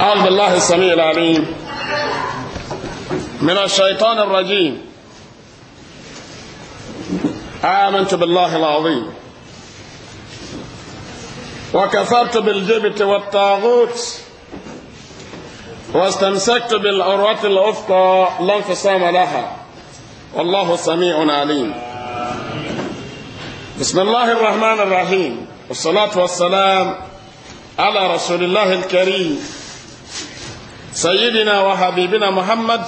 أعوذ بالله السميع العليم من الشيطان الرجيم آمنت بالله العظيم وكفرت بالجبت والطاغوت واستمسكت بالعروة الأفقى لا انفصام لها والله سميع عليم بسم الله الرحمن الرحيم والصلاة والسلام على رسول الله الكريم سيدنا وحبيبنا محمد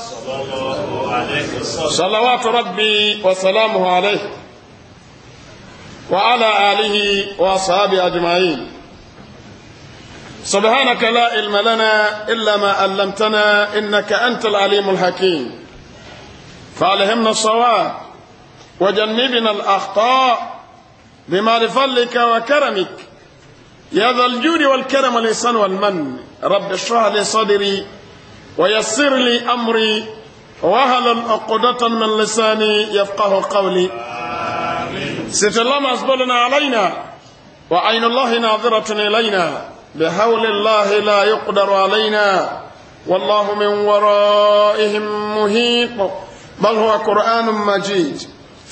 صلوات ربي وسلامه عليه وعلى آله وأصحابه أجمعين سبحانك لا علم لنا إلا ما علمتنا إنك أنت العليم الحكيم فألهمنا الصواب وجنبنا الأخطاء بما لفضلك وكرمك يا ذا الجود والكرم والإحسان والمن رب اشرح لي صدري ويسر لي أمري وهل عقدة من لساني يفقه قولي ست الله مسبولنا علينا وعين الله ناظرة إلينا بحول الله لا يقدر علينا والله من ورائهم مهيق بل هو قرآن مجيد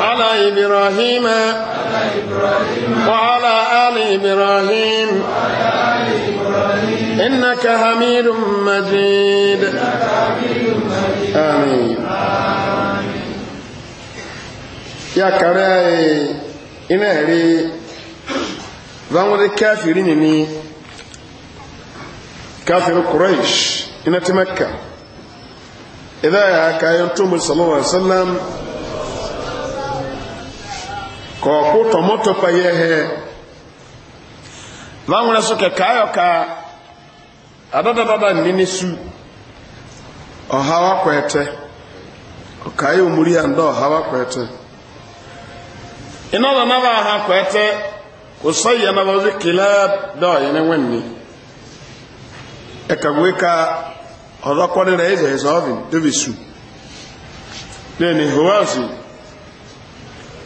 على إبراهيم وعلى آل إبراهيم إنك حميد مجيد آمين يا كراي إنا هري ذنور الكافرين كافر قريش إنا تمكة إذا كان ينتم صلى الله عليه وسلم kɔɔko tɔmɔtɔ ya ehe. hɛ vanwere so kɛkɛ ayɔ ka adadadada nnini su ɔhawa kɔɛtɛ ɔkaayɛ omuri anda ɔhawa kɔɛtɛ ina da na baa ha kɔɛtɛ kosɔ yɛ na ba kila da ɔyɛ ne wɛnni ɛka goe ka ɔdɔkɔ de na ɛzɛ ɛzɛ ɔvin ebi su ne ne howa zu.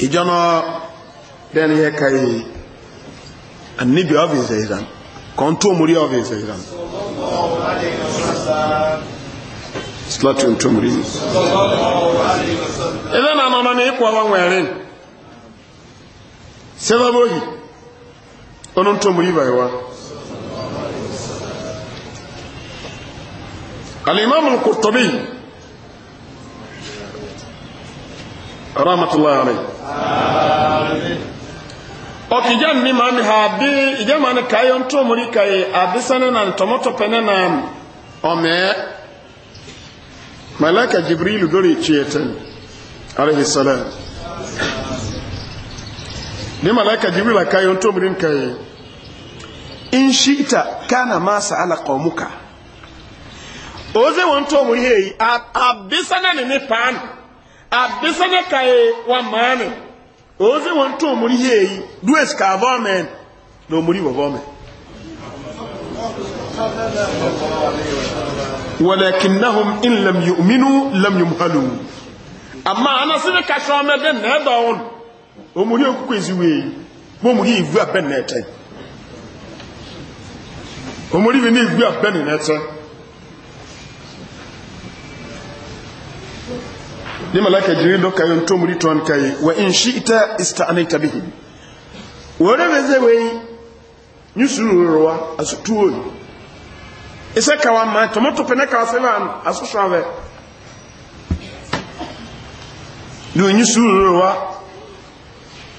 ìjọ́nà dẹ́ni yẹ ka yìí àníbi ọ́fíìsì ìsàn kan tó múrí ọ́fíìsì ìsàn slotun tó múrí ilẹ̀ na nọ́nà ní ikú ọwọ́ wẹ̀rin sẹ́lẹ̀bọ́yì onú tó múrí bàíwá alìmọ́mù kùtọ́bí rahmatullahi alayhi ọkì jẹ́ mi máa ní ha bí ìjẹ́ máa ní káyọ̀ ń e, tó mórí káyè àbísánẹ́ na ntọ́mọ́tọ́ pẹ́nẹ́ na ọ̀mẹ́ malaka jibril lórí ìkyẹ́tẹ́ alayhi salam ní malaika jibril káyọ̀ ń tó mórí káyè kana ṣíta kánà máa sàálà kọ̀ọ̀mùkà ó zẹ́ wọn tó mórí yẹ́ yìí àbísánẹ́ ni ní paanu. abisane kae wa maame ozi wɔn to omuri yi heyi dues ka vɔmɛn na omuri wɔ vɔmɛn walakinnahum in lam yu'minu lam yumhalu amma ana sine ka shɔmɛ den na ɛdɔ wɔn omuri okuku ezi wei bɔ omuri ivu abɛn na ɛtɛ omuri ni ivu abɛn na ni malaika jirin do kayon to muri ton kai wa in shi'ta ista'anaita bihi wore be ze we ni asu asutuo isa kawa ma to moto pene kawa se ma asusho ave ni ni sururwa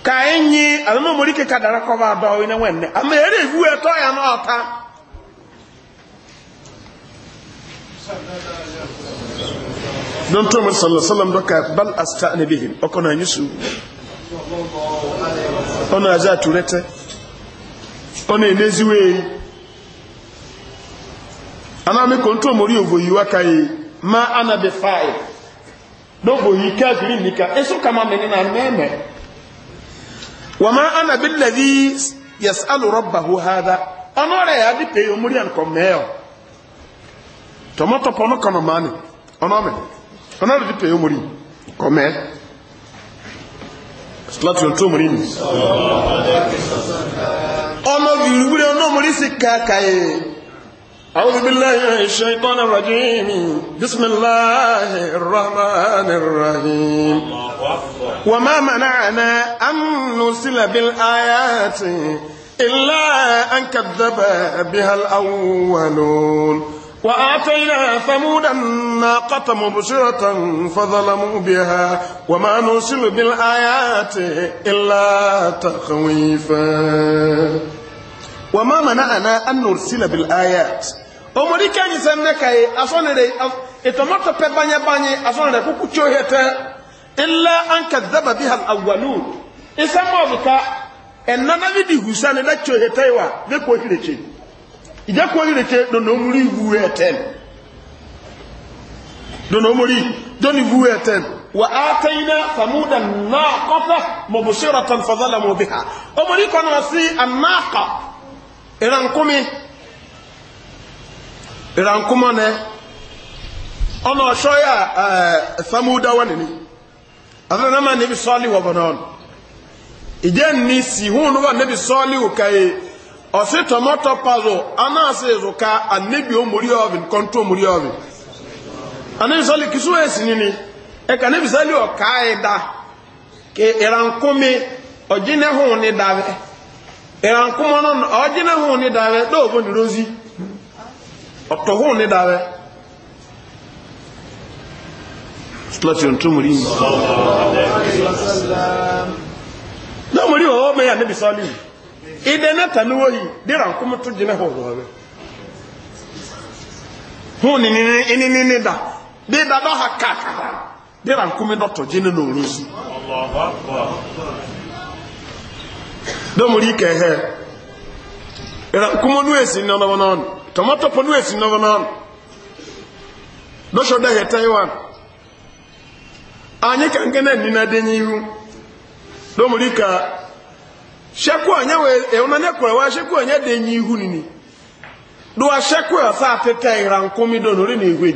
ka enyi alama muri kadara ko ba do ina wenne ama ere hu e to ya na ota don to mun sallallahu sallam doka bal asta'ni bihim okona nyusu ona aja turete ona eneziwe ana mi ko to mori ovo yiwa kai ma ana be fa'i do bo yi ka giri nika eso kama meni na meme wa ma ana bil ladhi yas'alu rabbahu hadha ona re ya di pe omori an ko meo tomato pono kono mani ona me ọ̀nà rẹ̀ pẹ̀lú mọ̀rí kọ̀mẹ́ láti ọ̀tọ́ mọ̀rí nì ọmọ ìrúgbìrì ọ̀nà mọ̀rí sí kàkàyè أعوذ بالله من الشيطان الرجيم بسم الله الرحمن الرحيم وما منعنا أن نرسل بالآيات إلا أن كذب بها الأولون وآتينا ثمود الناقة مبصرة فظلموا بها وما نرسل بالآيات إلا تخويفا وما منعنا أن نرسل بالآيات أمري كان يسمنك أصلا لي إتمرت بباني باني أصلا لي كوكو إلا أن كذب بها الأولون إسمع بك إننا نبي دي حسان لا يوا تشوهتايوا لكي ìjẹ́kùn orílẹ̀-èdè dọ̀nà omúrí ìwú ẹ̀tẹ́n dọ̀nà omúrí dọ̀nà ìwú ẹ̀tẹ́n wà á tẹ́yìnà sàmúdà náà kọ́fẹ́ mọ̀bùsíọ̀rọ̀ tán fọ́zọ́lá mọ̀ bí ha omúrí kan náà sí àmáàkà ìrànkúmi ìrànkúmọ́ nẹ ọ̀nà ọ̀ṣọ́ yà sàmúdà eh, wà nìní àtàwọn ọmọ níbi sọ́ọ́lì wọ̀ ìjẹ́ ní sìhún wà níbi sọ́ọ́lì wò káyé ɔsi tomato puzzle anaase ezuka anabi omori ɔvin kɔntu omori ɔvin anabi sɔli kisu esi nini ɛka anabi sɔli ɔkaa ɛda ke ɛrankomi ɔgyina ho ne davɛ ɛrankomo no ɔgyina ho ne davɛ dɛ ɔbɔ ne rozi ɔtɔ ho ne davɛ sọlọtì ọ̀túnmùrí ní ọmọrí ide na tanuwo yi dira nkomo to gyina hɔ wɔ hɔ hu ni ni ni ni ni da de da dɔ ha kakara dira nkomo dɔ to gyina na orosi dɔmori kɛhɛ dira nkomo nu esi nɔnɔmɔ nɔn tomato po nu esi nɔnɔmɔ nɔn dɔsɔ dɛ hɛ taiwan anyi kankana nina de nyi hu dɔmori ka. shekwa onye wee eonane kwere wa shekwa onye dị enyi ihu nini duwa shekwa ọsa atịta ịra nkumi donori na igwe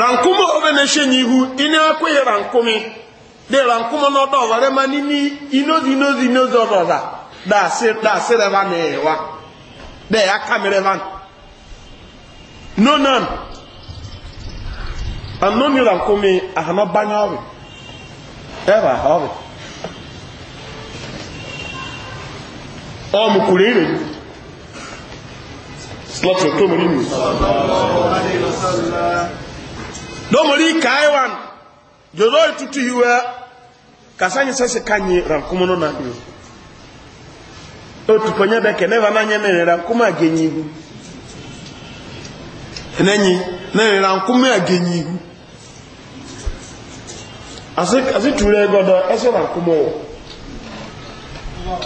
rankumi obe na eshe n'ihu ine ekweghị rankumi dị rankumi n'ọdọ ọbara ma n'ime inozi inozi inozi ọdọda dasị reva na ewa de ya kamere van nonan anoni rankumi ahanọ banye ọrụ ẹ̀bà ọ̀bẹ̀ ọmọkùnrin rẹ̀ slọ́tọ̀ tó mọ̀rí nù lọ́mọ̀rí kaiwan jọ́rọ̀ ìtútù ìwẹ́ kasanyi sẹ́sẹ̀ kanyi rankumunu na O otuponye bẹ́kẹ̀ nẹ́bà náà nyẹ́ nẹ́rẹ̀ rankumu àgẹ̀yìn ihu ẹnẹ́yìn nẹ́rẹ̀ rankumu àgẹ̀yìn ihu azitula egodo ɛsɛ nankumu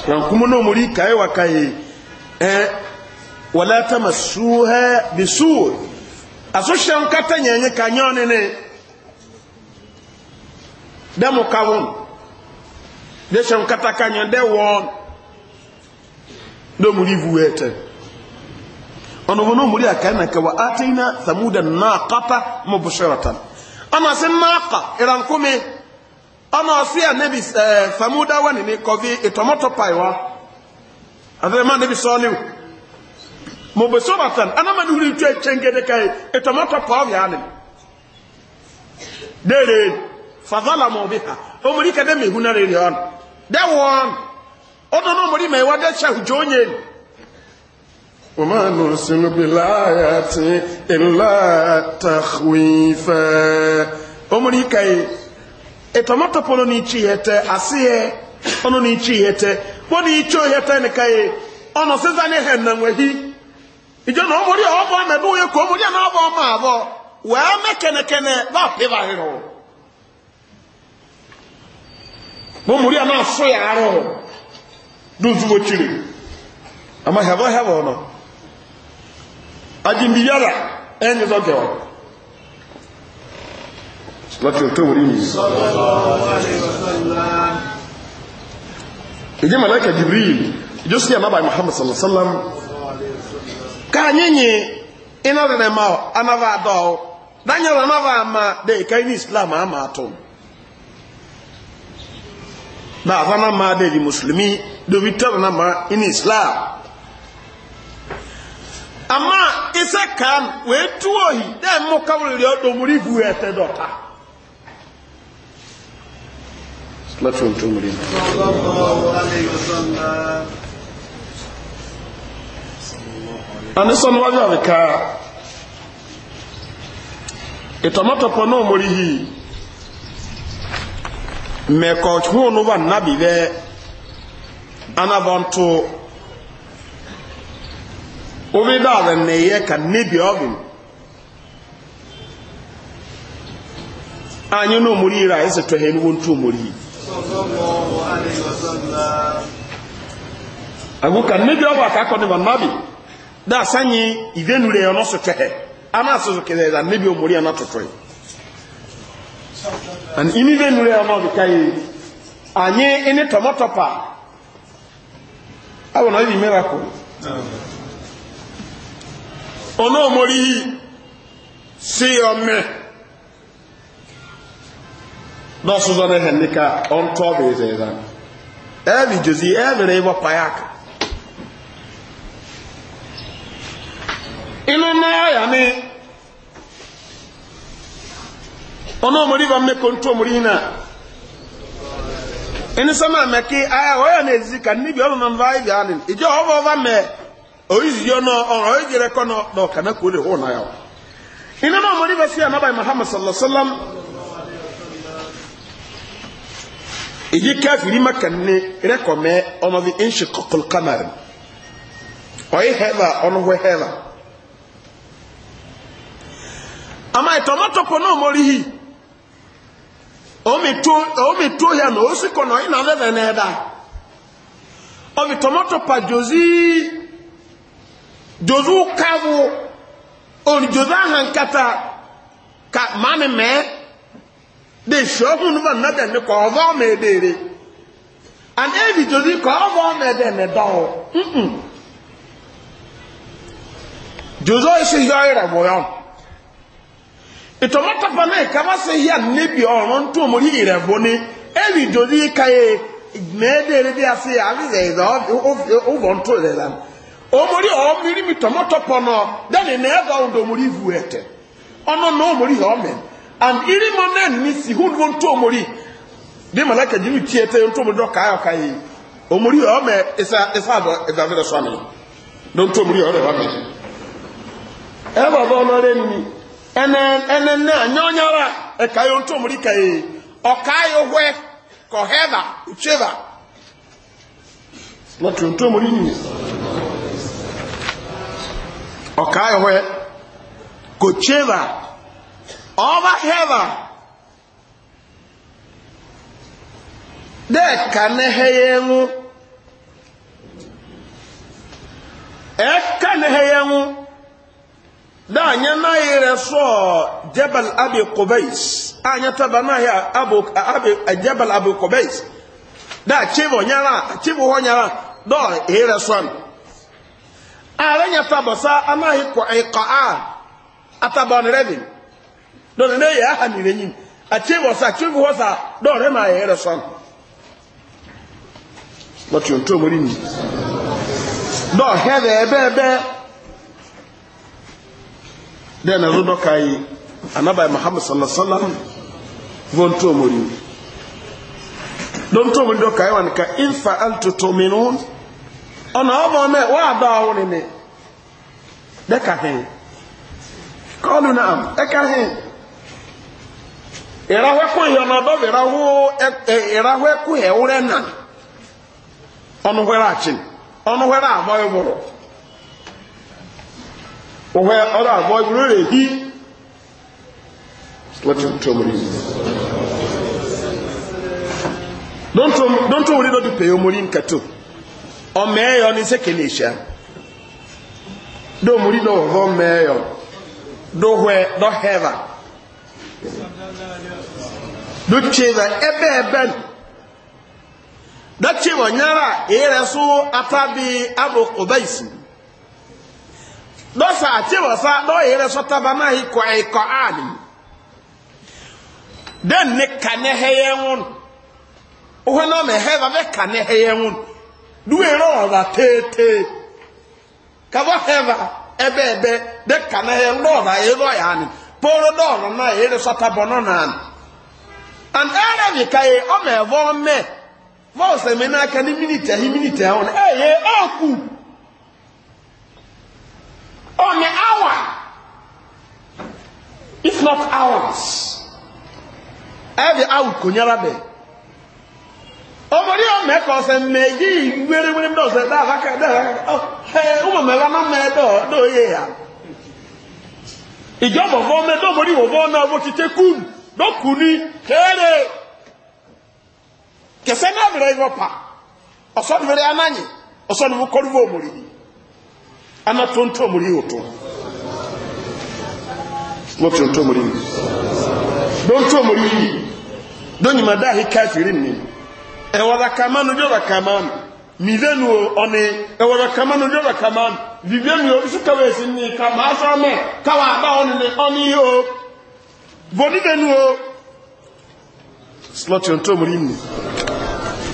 nankumu n'omuli kaye wa eh, wala tamasuha bisu asohyɛ nkata nyɛnye ka nyɔne ne dɛ mo ka dɛ hyɛ nkata ka nyɛ dɛ wɔn n'omuli vu ɛtɛ ɔno wɔn n'omuli akaye na kawa ate na samuda naakata mo busharatan ɔno ase naaka e ọmọ ọsẹ anabi ẹ eh, samuda wà nínú kọfí ìtọmọtọ pàì wa àtẹnumọ anabi sọọliw mo bẹ sọ bàtàn anamani wuli tu ẹ kyẹnkẹdẹ káyé ìtọmọtọ pàì ọbẹ àná dèrè fàzọlà mọ bi ha ọmọdé kẹdẹ mi hun rẹ rẹ dẹ wọn ọdọ náà ọmọdé mẹ wá dẹ ṣe àwùjọ yẹn. وما نرسل بالآيات إلا تخويفا أمريكا etomato no n'ichi yete asiye ono n'ichi yete bono na yete ne kai ono seza ne hen na wehi ijo no mori o bo na duye ko mori na bụ ma bo we me kene kene ba pe ba hero bo mori so ya aro do zu wo chiri ama hebo hebo ya ajimbi yala gewa láti ọ̀tọ́ orí mi ìjẹ́ mọ̀láìkà jibril ìjọ sí àmábà muhammad sallallahu ka anyị nye ịna rere ma anava adọ danyere anava ama dị ka ịnị islam ama atụ na avana ma dị dị musulmi dobi tọrọ na ma ịnị islam ama ịsa kan wee tuo ohi dị mụ kawụrịrị ọdọ mụrụ ibu ya ete láti ohun tó mú rí ani sɔnni wájú àmì ká ìtɔmɔtɔpɔ náà mórí yìí mɛkɔtuhunu wa nabi bɛ anabɔntu obi dɔ abɛ nɛyɛ ka nebi ɔbi anyi náà mórí yìí rà ɛsɛ tɔhɛ ni wɔn tó mórí agoka nnebi ọba ka akọ nima mmabi da asanyi ivenure ya ọnọ sotwehe ana asụsụ kele da nnebi omori ya na tụtụrụ and ya ọnọ ọbịka ya anyị ịnị tọmọtọpa awọ na ọdị si dɔsɔsɔ ne hɛn nika ɔntɔ bee sɛ zan ɛɛbi josi ɛɛbɛrɛ payak inu naa yanni ɔno omori ba mme kontu omori yina inu sɛmɛ mɛki aya wɔyɛ na ezi ka nibi ɔno nan vaayi bi ani idjɛ ɔbɔ ɔba mɛ oyizi yɔ nɔ ɔn oyizi yɛrɛ kɔ nɔ kana kori hɔ na yawo inu naa omori ba si anabai muhammad sallallahu alaihi wa Eyi ka ehi maka na irekọ mịa ọnọdụ ịnchịkọ okoloka na Oyi heva ọnụ hwe heva. Amaghị tọmọtọ pọnụ ọmọlihi ọmị tu ọmị ya na osi kọ na ọyi na-adịbe na ịda ọbị tọmọtọ pa jozi jozi ụka bụ olu jozi a ankata ka maami mee. de sure hu nuba na de ne ko ovo me dere and every jodi ko ovo me de oh, me do mm jozo ise yo ira bo yo itomata pa me ka ba se ya ne bi orun ntu mo ri ire bo ni every jodi ka ye me dere bi ase ya bi ze do o bo ntu le la o mo ri o mi ri mi tomato pa no de ne na ga ndo mo ri vu ete ono no mo ri ho men and iri mo nan ni si hun won to omori bi malaka jiru tie te to mo do ka ayo kai omori o me isa isa do e da vera swami don to omori o oh, oh, re wa me e ba ba no re ni ene ene na nyonyara e kai on to omori kai o kai o oh, hwe ko heva ucheva na to to omori ni o kai o hwe ko cheva ọba hẹba dẹ ka ne hẹyẹ ŋu ẹ ka ne hẹyẹ ŋu dẹ anya náà yẹ rẹ sọ jebel abi kobais a anya taba náà yẹ abo abi jebel abi kobais dẹ akyebọ nyara akyebọ hɔ nyara dẹ yẹ rẹ sọ a rẹ nya taba sa anahi kọ ẹkọ a ataba ọnrẹ bi. dɔnni ne yɛ aha mire nyin ati wɔ sa ati wɔ sa dɔɔrɛ ma yɛ yɛrɛ sɔn wɔtí o tó mori ebe dɔɔ hɛ bɛɛ bɛɛ na ro dɔ ka yi anabai muhammad sallallahu fɔ tó mori don tó mori dɔ ka yi wani ka infa alitoto minnu ɔnà ɔbɔ mɛ wa dɔ awo ni mi dɛ ka hɛn na am ka ìrahó ẹkú ìyọ̀nà ọdọ́bì ìrahó ẹkú ẹ̀wúrẹ́ nà ọnụhwere achị ọnụhwere abụọ abụọ ịbụrụ ehi don tó wòlídọ́ dùpẹ̀ yóò mórí nkàtó ọmọ ẹ̀yọ ní sẹ́kẹ̀lẹ̀ ìṣá dó mórí dọ́wọ̀ fọ́ ebe ebe dukyeva nyara eyɛrɛ so atabi abo obaisi dɔsa akyeva sa isii. so taba n'ayi kɔɛ kɔ'ani den ne ka ne hɛyɛ ŋun na mɛ hɛ ba bɛ ka ne hɛyɛ ŋun duwɛrɛ ɔba teetee kaba hɛ ba de ka ne hɛyɛ ŋun dɔɔba yɛ ya ani. poro na ere sɔta bɔnɔ and ɛrɛ mi ka ye ɔmɛ vɔ mɛ n'aka ni minita hi minita hɔn ɛyɛ ɔku ɔmɛ awa if not hours ɛbi awu konyara bɛ ɔmɔdi ɔmɛ kɔsɛ mɛ yi wérewéré mi dɔsɛ dáhà kɛ dáhà kɛ ɔ ɛ ɔmɔ mɛ ya. ìjọba fọ́ mẹ́ dọ́mọ̀rí wọ̀ bọ́ náà bó ti tẹ́ kún lọ́kù ní kẹ́ẹ̀rẹ́ kẹsẹ́ náà bẹ̀rẹ̀ ìwọ̀ pa ọ̀sọ́nùmẹ́rẹ́ anáyìn ọ̀sọ́nùmú kọ́rùwọ̀ òmùrí aná tó ń tó òmùrí òtó lọ́tún tó òmùrí ni ló ń tó òmùrí yìí lóyìn máa dáhì káfìrí ni ẹ̀wọ̀dà kàmánu jọ̀dà kàmánu mìlẹ́nu ọ̀ni ẹ̀wọ̀dà kàmánu jọ̀dà kàmánu vivian yóò sùn kẹwàá èsì ní ìka màá sọ ọmọ káwà àbá ọ̀nà ní ọ̀nà yìí o bòní dẹnu o slọtì ọ̀n tó mìíràn ni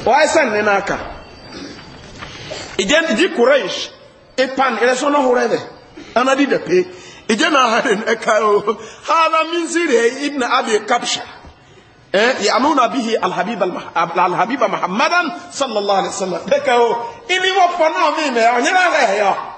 wàá sàn ní n'aka ìjẹ́ ìjì kùrẹ́ṣ ìpan ìrẹsọ́ náà hùrẹ́ bẹ̀ ẹ̀nà dídà pé ìjẹ́ náà hà ní ẹ̀ka o hàbà mí sírè ibn abi kapsha eh ya'muna bihi alhabib alhabib muhammadan sallallahu alaihi wasallam deka o oh. imi wo pona mi me onyira oh, re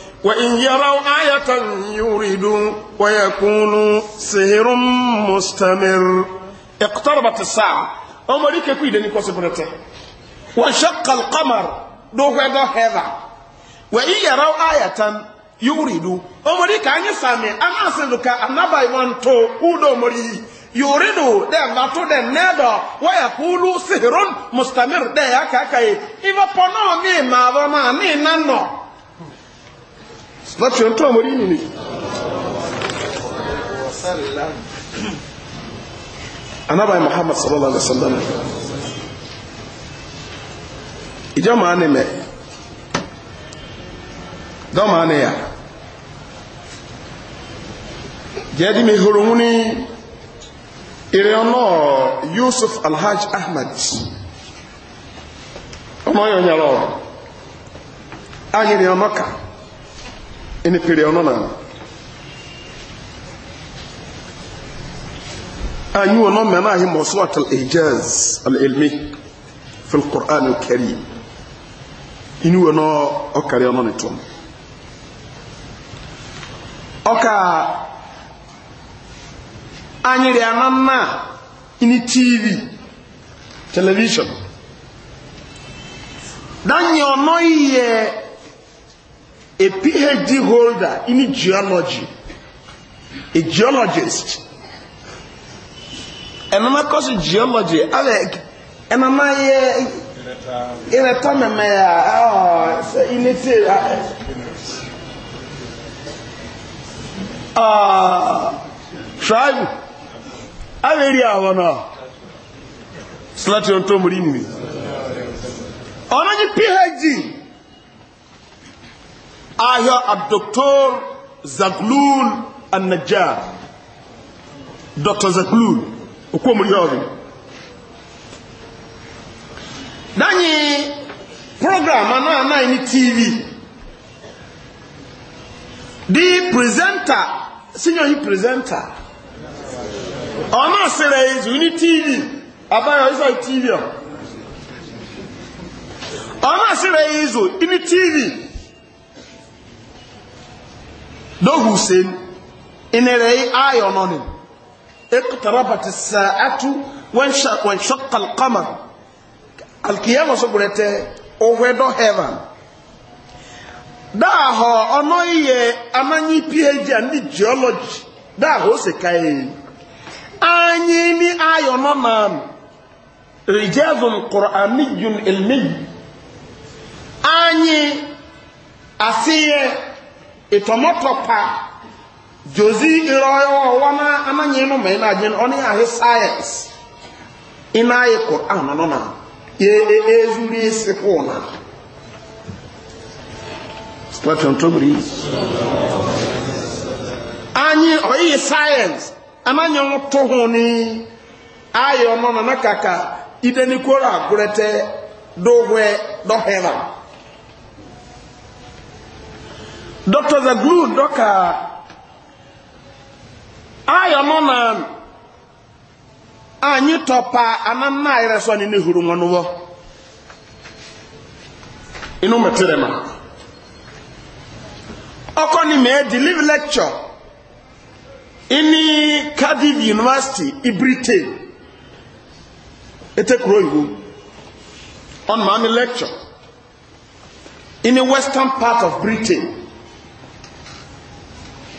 وإن يروا آية يريدوا ويكونوا سهر مستمر اقتربت الساعة أمري كيكو يدني كوسبرته وانشق القمر دو هذا هذا وإن يروا آية يريدوا أمري كأني سامي أنا أسألك أنا باي وان تو أودو مري يريدوا دم باتو دم ندا ويقولوا سهر مستمر ده يا كاكاي إذا بنا مي ما وما نانو láti ọ̀n tó àmọ́ rí muhammad sallallahu alaihi wasallam. sallam ìjọ màá ni mẹ dọ́ màá yà jẹ́ẹ́dí mi horo mu ìrìn ọ̀nà yusuf alhaj ahmed ọmọ yóò nyà lọ ayé ni ọmọ kà ini pere ono na ayi ono mena ahi mawsuat al-ijaz al-ilmi fi al-Qur'an al-Karim ini ono okare ono ne tum oka anyi re ini TV television dan yo no ye a PhD holder in geology, a geologist. And I'm not geology, Alec, and I'm not in a time of my in it. Ah, tribe. I really are one. Slatian Tomorini. On any PhD ayọ abdoktor zaglul anajar dr zaglul okomori ọrọ danyi program Ana ana ní tv di presenter senior yi presenter ọ̀nà àṣírẹ̀ ìzù ní tv àbáyọ̀ ìzọ̀ tv ọ̀ ọ̀nà àṣírẹ̀ ní tv No hussein inere ayo nonin اقتربت الساعة وانشق, وانشق القمر القيامة سبرت اوهدو هيفن dáàhọ ọ̀nà iyẹ amáyí phd ní geology dáàhọ ó sì káyé anyị ní ayọ̀ nọ na rijazun qur'aniyun ilmi anyị asịyẹ ịtọmọtọpa jozi ire ọwa na amaghị ịnụ ma ị na-ajụ ọ na ahụ sayensị ị na-ayị kụran nọ na e, e, ezuru isi kwụ na anyị ọyịghị sayensị amaghị ịnwụ tụhụ n'ayọ nọ na nakaka idenikworo agụrete dogwe dọhera Dr. Zaglu dọka ayọ nọ na anyị tọpa ananna ayịrị anyị n'ehuru nwa inu inú ma ọkọ ni edi leave lecture ini Cardiff University i Britain etekuru oyibo ọ na lecture in western part of Britain.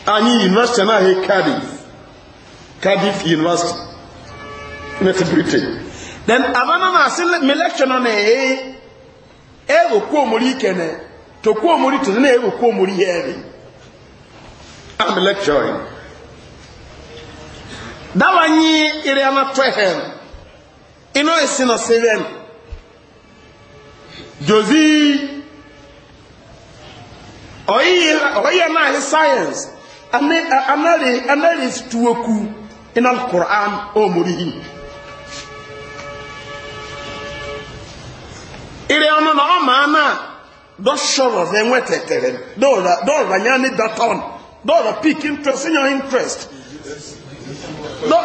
anyị university na-ahịa anaghị cardiff cardiff university net britain then abana na asị me lecture nọ na-ehe eghokwu omori ikene tokwu omori tozi na eghokwu omori ihe ebe am lecturing dawanye iri ana twehen ino esi na seven jozi oyi oyi na ahị sayensị anare anare tuwoku ina alquran o murihi ire ono na o ma na do shoro ve nwete tere do ra do ra nya ni daton do ra pick interest in your interest do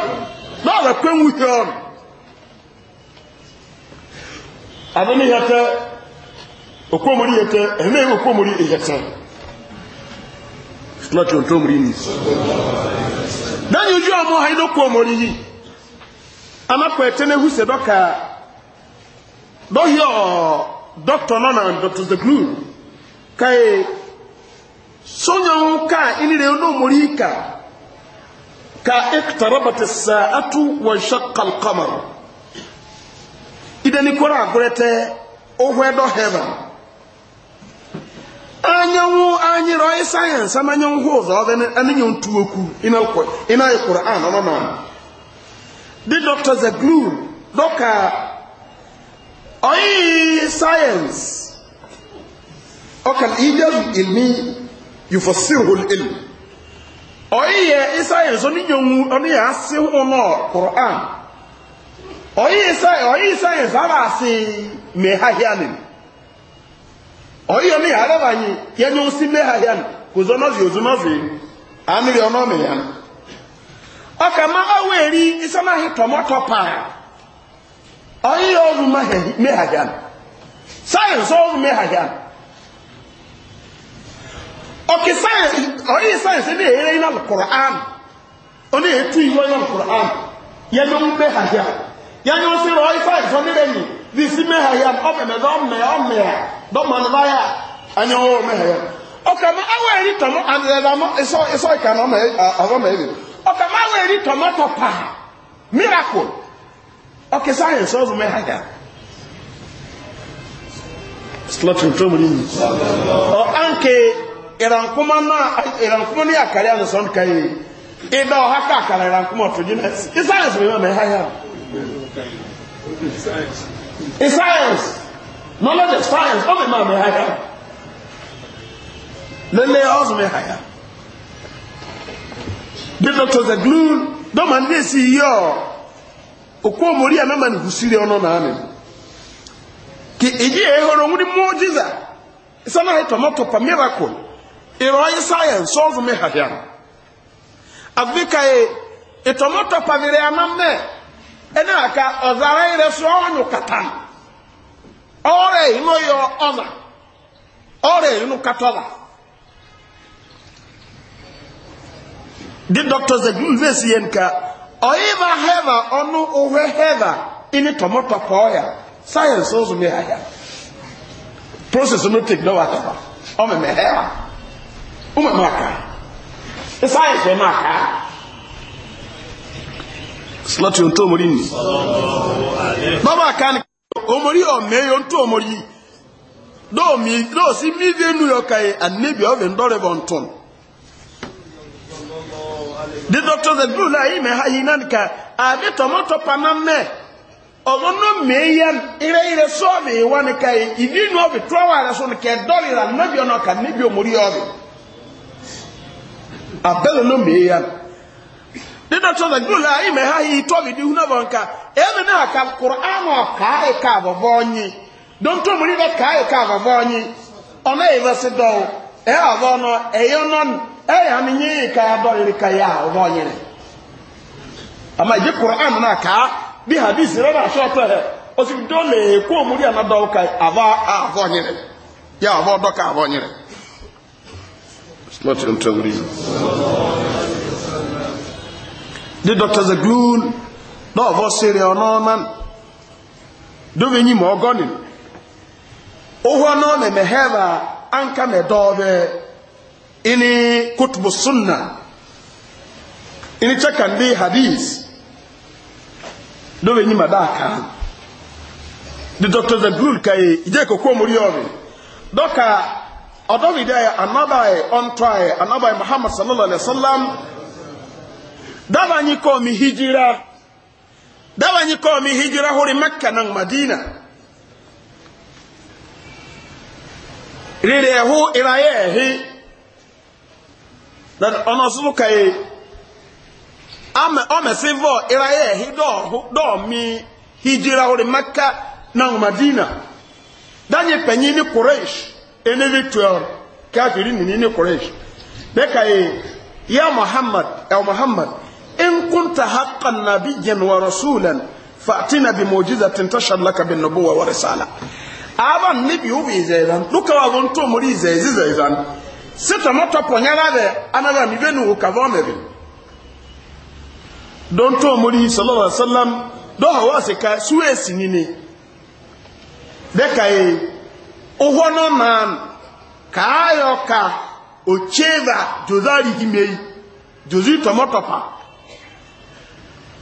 do ra kwen wi on adani yata okomori yata ehme okomori yata láti ohun tó mú rí ní lẹ́yìn ojú ọmọ ha inú kú ọmọ nìyí amápọ̀ ẹ̀tẹ́ ní húsẹ̀ dọ́kà lọ́yọ̀ dọ́kítọ̀ náà nà dr zeglu káyé sọ́yàn ká ìnire olóòmórí kà ká ẹ̀kítàrọ́bàtì sàátù wọn ṣàkàlkàmà ìdẹ́nikọ́rọ̀ àgúrẹ́tẹ́ ohun ẹ̀dọ́ heaven anyanwụ anyị rọọ anyị sayensị ama anyanwụ hụ ụzọ ọdị anịnye ntu okwu ịna ịkwụrụ an ọnọ nọ dị dọkịta zeglu dọka ọyị sayensị ọkan ijazu ilmi yufasiru ilmi ọyị yẹ sayensị oníyẹ ohun oníyẹ asị ụnọ kwụrụ an ọyị sayensị ara asị mehahịa nịmụ oyo ni harabanyi yanyo usime hayan kuzono ziozuno zi amiri ono me yan aka ma aweri isana hito moto pa oyo ozu me hayan science ozu me hayan oke science oyo science ni ere ina alquran oni etu iwo ina alquran yanyo me hayan yanyo siro oyo science oni re ni bisi meha ya ọmeme na ọmme ya ọmme dọma na ya anya ya ọka ma awa eri tọmọ adịrịla mọ ịsọ ịka na ọzọ ma ebi ọka ma awa eri tọmọtọ pa mirakụl ọka sayensị ọzọ meha ya slatin tó mú ní ọ ánkè ìrànkúmọ́ náà ìrànkúmọ́ ní àkàrí àdìsọ́ nìkan yìí ìdá ọ̀há káàkàrà ìrànkúmọ́ tó jí náà ìsáyẹ̀sì mímọ́ mẹ́ha in science knowledge is science ó mi máa mi hàyà lele ọsùn mi hàyà the doctor the glue dọ́mà ní èsì yìí ọ̀ òkú òmòrí ẹ̀ mẹ́mà nìkú sírí ọ̀nà náà mi kì èyí ẹ̀ hóró ń ní mọ́jíza sọ́nà ẹ̀ tọ̀mọ́tò pa miracle ìrọ̀ ayé science ọ̀sùn mi hàyà àfikà ẹ̀ ìtọ̀mọ́tò pa mìíràn ẹ̀ máa mẹ́ ẹ̀ náà ká ọ̀zára ẹ̀ rẹ̀ sọ́ọ̀nù kàtàmù ọrẹ inú yọ ọmọ ọrẹ inú katọla di dr zegul vesi yẹn ka ọyịba heva ọnụ ụhwe heva ịnị tọmọtọ pọọ ya sayensị ụzọ mee ahịa proses no take no ataba ọmụmụ heva ụmụmụ aka sayensị ọmụ aka slọtụ ntomori nni bọbọ aka omori omeyo ntu omori do mi do si mi de nu yo kai annabi of ndore bonton the doctor the blue la ime ha hinan ka abi tomato panamme ogo no meyan ire ire so bi wan kai idi no bi twa ara so ke dori la nabi ono ka nabi omori obi abelo no meyan the doctor the blue la ime ha hi to bi di hunabonka ebe na aka ka ọka ka abụbọ onye donto mụrụ ibe ka ka abụbọ onye ọ na-evesi dọwụ e ọzọ e nọ eye nọ eye ha nye ka ya dọrịrị ka ya ọzọ nyere ama ije anụ na aka bi ha bi siri ọba asọ ọtọ ha osiri dole kwo mụrụ ya na dọwụ ka abọ abọ nyere ya abọ dọ ka abọ nyere Not in The doctors are good. dɔɔbɔ sere ɔnɔɔman dobe nyi ma ɔgɔnin ohɔ nɔ ne mehɛba anka ne dɔɔbɛ ini kutubu sunna ini cakandi hadis dobe nyi ma daaka de dr zagrul kaye ije kokoo mori ɔbi dɔka ɔdɔbi dɛ anabaye ɔntɔaye anabaye muhammad sallallahu alaihi wa sallam daba nyi kɔɔ mi hijira dawa nyi ko mi hijira hori makka nan madina rere ho iraye he that ono sulu kai ame ome sivo iraye he do do mi hijira hori makka nan madina danye penyi ni quraish ene victor kafiri ni ni quraish de kai ya muhammad ya muhammad إن كنت حقا نبيا ورسولا فأتنا بموجزة تنتشر لك بالنبوة ورسالة aba nibi ubi zezan duka wa zonto muri zezi zezan sita mota ponyala de anara mibenu ukavome bi donto muri sallallahu alaihi wasallam do hawa se ka suesi nini de kai uho no man kayo ka ocheva jozari himei jozi tomotopa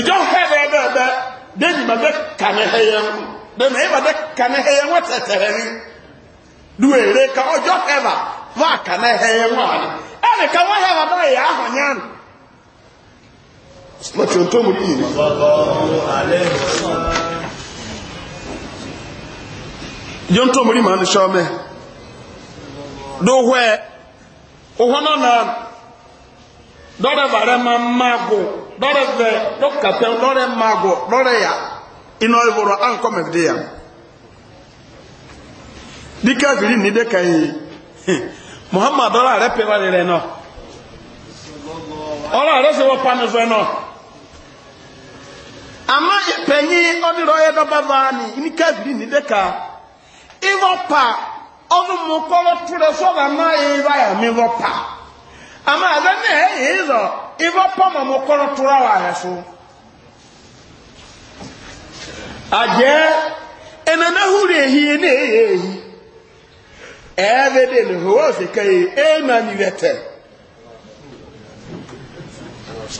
ìjọ ebe ẹ̀dẹ́ẹ̀dẹ́ dẹ́ni ma bẹ́ kànẹ́hẹ́yẹ ń dẹ́ni ma kanehe ya ń tetere ní duere ka ọjọ́ ma va kànẹ́hẹ́yẹ ń wà ní ẹnì kan wọ́n hẹ́rẹ́ ya ahụ ahọ̀nyá nù. lọ́tí ohun tó mú kí ni. lọ́rẹ̀ bàrẹ̀ máa máàgò lọ́rẹ̀ bẹ ya lọ́rẹ̀ máàgò lọ́rẹ̀ yà iná ìwòrò à ń kọ́ mẹ́fìdí yà. díkẹ́ fìrí ní dẹ́ka yìí muhammad ọ̀rọ̀ a ní díkẹ́ fìrí ní dẹ́ka ìwọ́pa ọdún mú kọ́lọ́ túrẹ́ sọ́ra mi ama ɛdɛ ne ịzọ yìí zɔ ibɔ pɔmɔ mo kɔrɔ tora wa yɛ so adiɛ ɛnana huri ehi ne eye ehi ɛɛbɛ de ne ho wɔ sika yi ɛna ni bɛ tɛ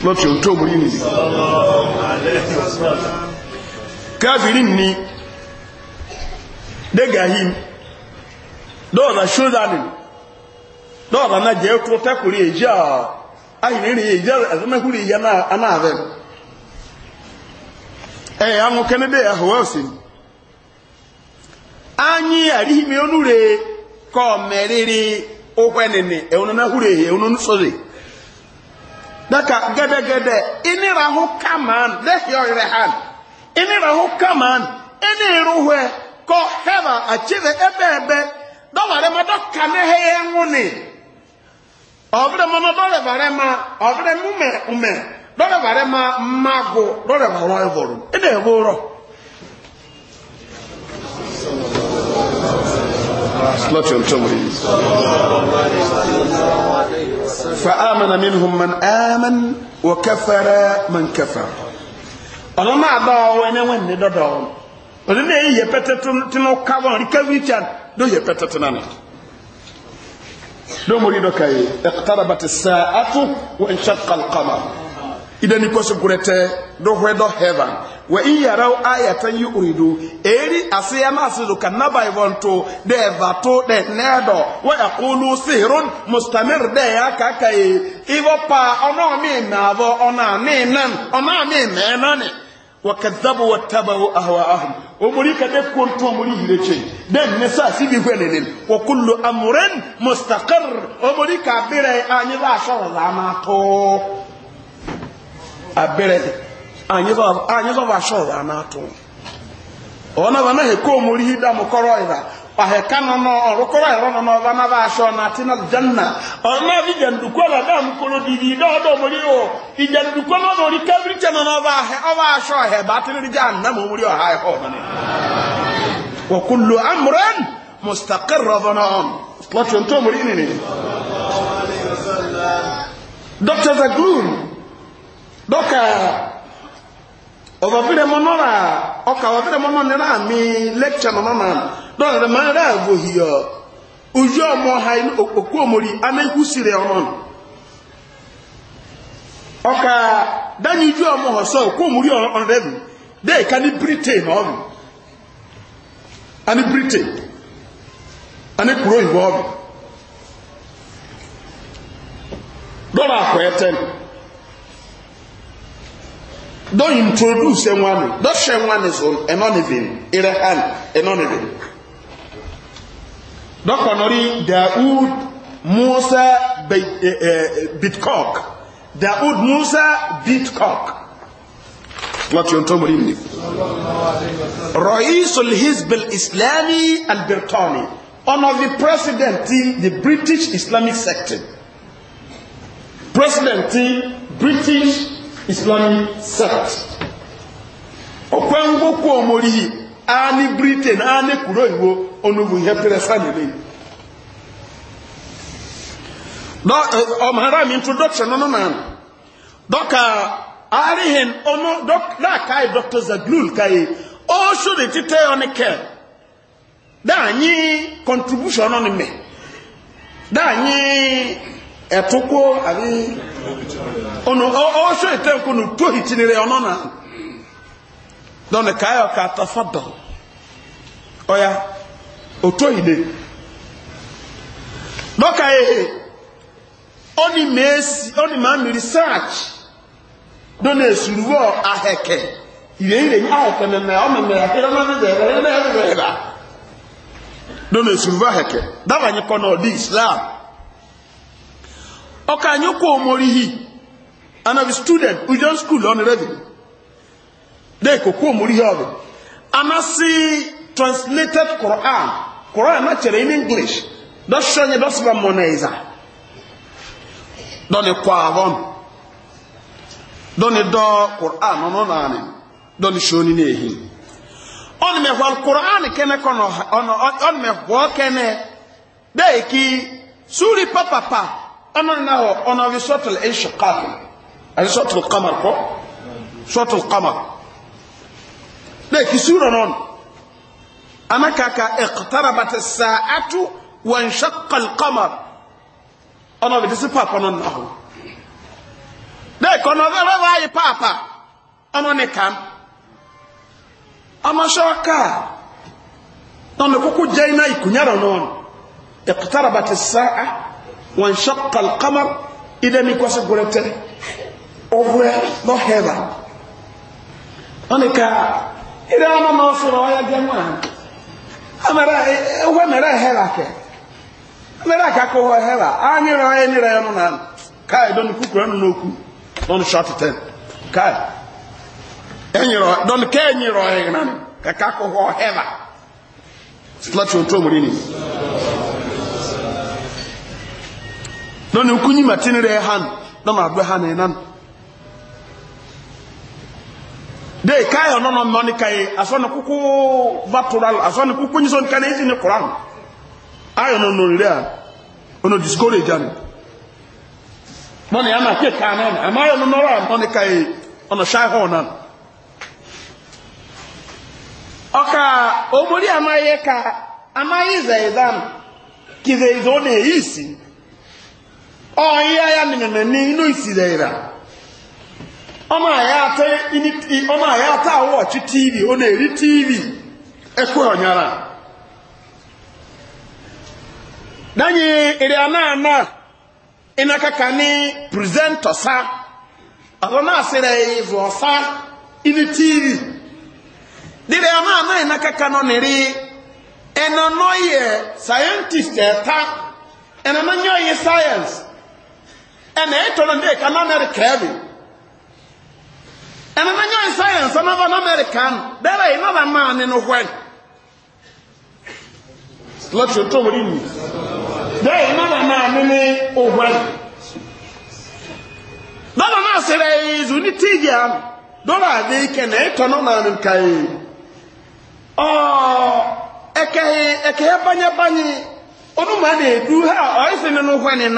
o e tó ni dɔɔba na gye etu tɛkuri egya a ahiri ni egya ɛfɛmɛkuri egya na anaabɛ ɛyɛ e, anu kɛnɛ de ɛhɔwɛ osim anyi arihimi onure kɔmɛriri ohwɛnini ɛwunanahuri e, ehe ɛwunanisori daka gɛdɛgɛdɛ inira ho kaman lɛhia ɔyɛrɛ han ho kaman ɛni kɔ hɛba akyire ɛbɛɛbɛ ma dɔka ne ọ bụrụ na bàrẹ̀ ma ọ̀bẹ̀rẹ̀ ọ bụrụ na bàrẹ̀ ma mago lọ́rẹ̀ bàrọ̀ ẹ̀vọ̀rọ̀ ẹ̀dẹ̀ ẹ̀vọ̀rọ̀ فآمن منهم من آمن وكفر من كفر ọ̀nà máa bá ọwọ́ ẹni wọ́n ní dọ́dọ̀ ọ̀nà tí wọ́n ló yẹ náà domori do kay iqtarabat as-sa'atu wa inshaqqa al-qamar idan ko so gurete do hwe heaven wa in yaraw ayatan yuridu eri asiya masidu kanaba ivonto de vato de nedo wa yaqulu sihrun mustamir de ya kakai ivo pa ona mi na navo ona mi nan ona mi menani wakadhabu watabau ahwaahum omuri kade kontu omuri hireche den ne sa sibi hwenenen wa kullu amrin mustaqir omuri ka bere anyi ba shoro la ma to abere anyi ba anyi ba shoro la ma ona bana he ko omuri hida mo koro aheka nọ n'ọrụkọrọ ẹrọ nọ n'ọba n'aba aṣọ n'ati n'aljanna ọ̀nà ìjẹ̀ndùkú ọ̀làdá mkpọrọ dìdì dọ́ọ̀dọ̀ mọ́rí o ìjẹ̀ndùkú ọ̀nà orí kẹ́bíríkẹ́ nọ n'ọba aṣọ ẹ̀bá tí nírí jẹ́ àná mọ́ orí ọ̀há ẹ̀họ́ ọ̀nà wọ̀kúlù amúrẹ́n mustaqir rọ̀bọ̀nà lọ́tọ̀ tó mọ́rí nìyí. dr zaglun mi ọ̀bàbìrẹ́mọ́nọ́ra ọkà dɔnku ɛdɛ maa yɛrɛ avo hiyɔ ojú ɔmɔ ha yi okú omori amẹ́kú sire ɔmɔ nù ɔka dani ojú ɔmɔ hɔ sɔ okú omori ɔrɛ mi dɛ ɛka ni britain ɔmi ani britain ani kuro yibɔ ɔmi dɔnku akɔ ɛtɛ nù dɔnku introduce ɛnwani dɔsɛ ɛnwani zɔn ɛnɔnivin ɛrɛ han ɛnɔnivin dɔkɔ nɔri daoud musa e- e- e- bitcock daoud musa bitcock láti ohun tó mọ̀rí ní rọ̀ísùl hizbil islami albertoni one of the president the british islamic sector president british islamic sect ọ̀pẹ́ ń gbókù ọmọrí ani britain ani kuro iwo onubu ihe pere sanile eh, ọmọhara mi introduction nọ na dọka arihin ọnụ dọka ayi dr zaglul kaye o sori tite ọnike da anyị contribution ọnụ mme da anyị ẹtukwo anyị ọnụ ọ sori tẹ nkunu tohi tinire ọnụ na. dɔnni kaayɔ kaa tafa dɔn ɔya oto yi de dɔka ye ɔni meesi ɔni maa mi research dɔnni esuruwɔ ahɛkɛ yeyire yi ahɛkɛ mɛmɛ ɔmɛmɛ ɛyɛmɛ ɛyɛmɛ ɛyɛmɛ ɛyɛmɛ dɔnni esuruwɔ ahɛkɛ daba nyi kɔ n'ɔdi islam ɔka nyi kɔ omori hi anabi student ujan school ɔni rɛbi. dee koko omori ya ọrụ anasị translated quran quran na chere in english dọshọnye dọsịba mọnaiza dọni kwaavọn dọni dọ quran ọnụ naanị dọni shoni n'ehi ọnụ mehwal quran kene kọnọ ọnụ mehwọ kene dee ki suri papapa ọnụ na ọ ọnụ vi sọtụl ịshọkakụ ayị sọtụl kamar kọ sọtụl kamar لكن سورة أما كاكا اقتربت الساعة وانشق القمر أنا بدي بابا نون نهو لكن أنا رضاي بابا أنا نكام أما شاكا أنا كوكو جاينا يكون يرى نون اقتربت الساعة وانشق القمر إذا ميكوسي قولتني أوفر نو هيفا أنا كا ire ama ma ọsụrụ ọhịa bịa nwa ha mere ehera ke mere aka ka ụwa ehera anyị rịọ anyị nire ya nụ na kai dọnụ kwukwere nụ n'okwu dọnụ kai e don ka enyere ọhịa na ka ka ka ụwa ohera slọtụ otu omori ni dọnụ ukwu ha abụọ ha na de kayo nono noni kay asona kuku batural asona kuku nyison kana hizi ni Qur'an ayo no no ria ono discourage ani moni ama ke kana ama yo no nora noni kay ono shy ho nan oka omori ama ye ka ama iza idan kize izone isi o oh, iya ya ni me ni no isi deira Ọ na-ahịa ata ịnị ị ọ na ọnụ eri tv ekwe ọnyara Na iri ana anaghị ana ịnakaka ni prezentosa ọ bụ na-asịrị ezugosa ịnị tv. dịrị ana ụdị anaghị ana nọ niri ene ono ihe sayensist eta ene n'enye ihe sayensi ene etona ndị ọka na-anari kee nri. ɛnana nyɛ science onye na america ahụ, bɛrɛ yi naba maa ne no hwɛn lọtí o tó wọlé mi bẹẹ yìí nana ike náà ètò náà nàá nìka yìí ọ ẹkẹyì ẹkẹyì bányabányi onímọ̀ àná ha ọ̀ẹ́sìn nínú hwẹ́ni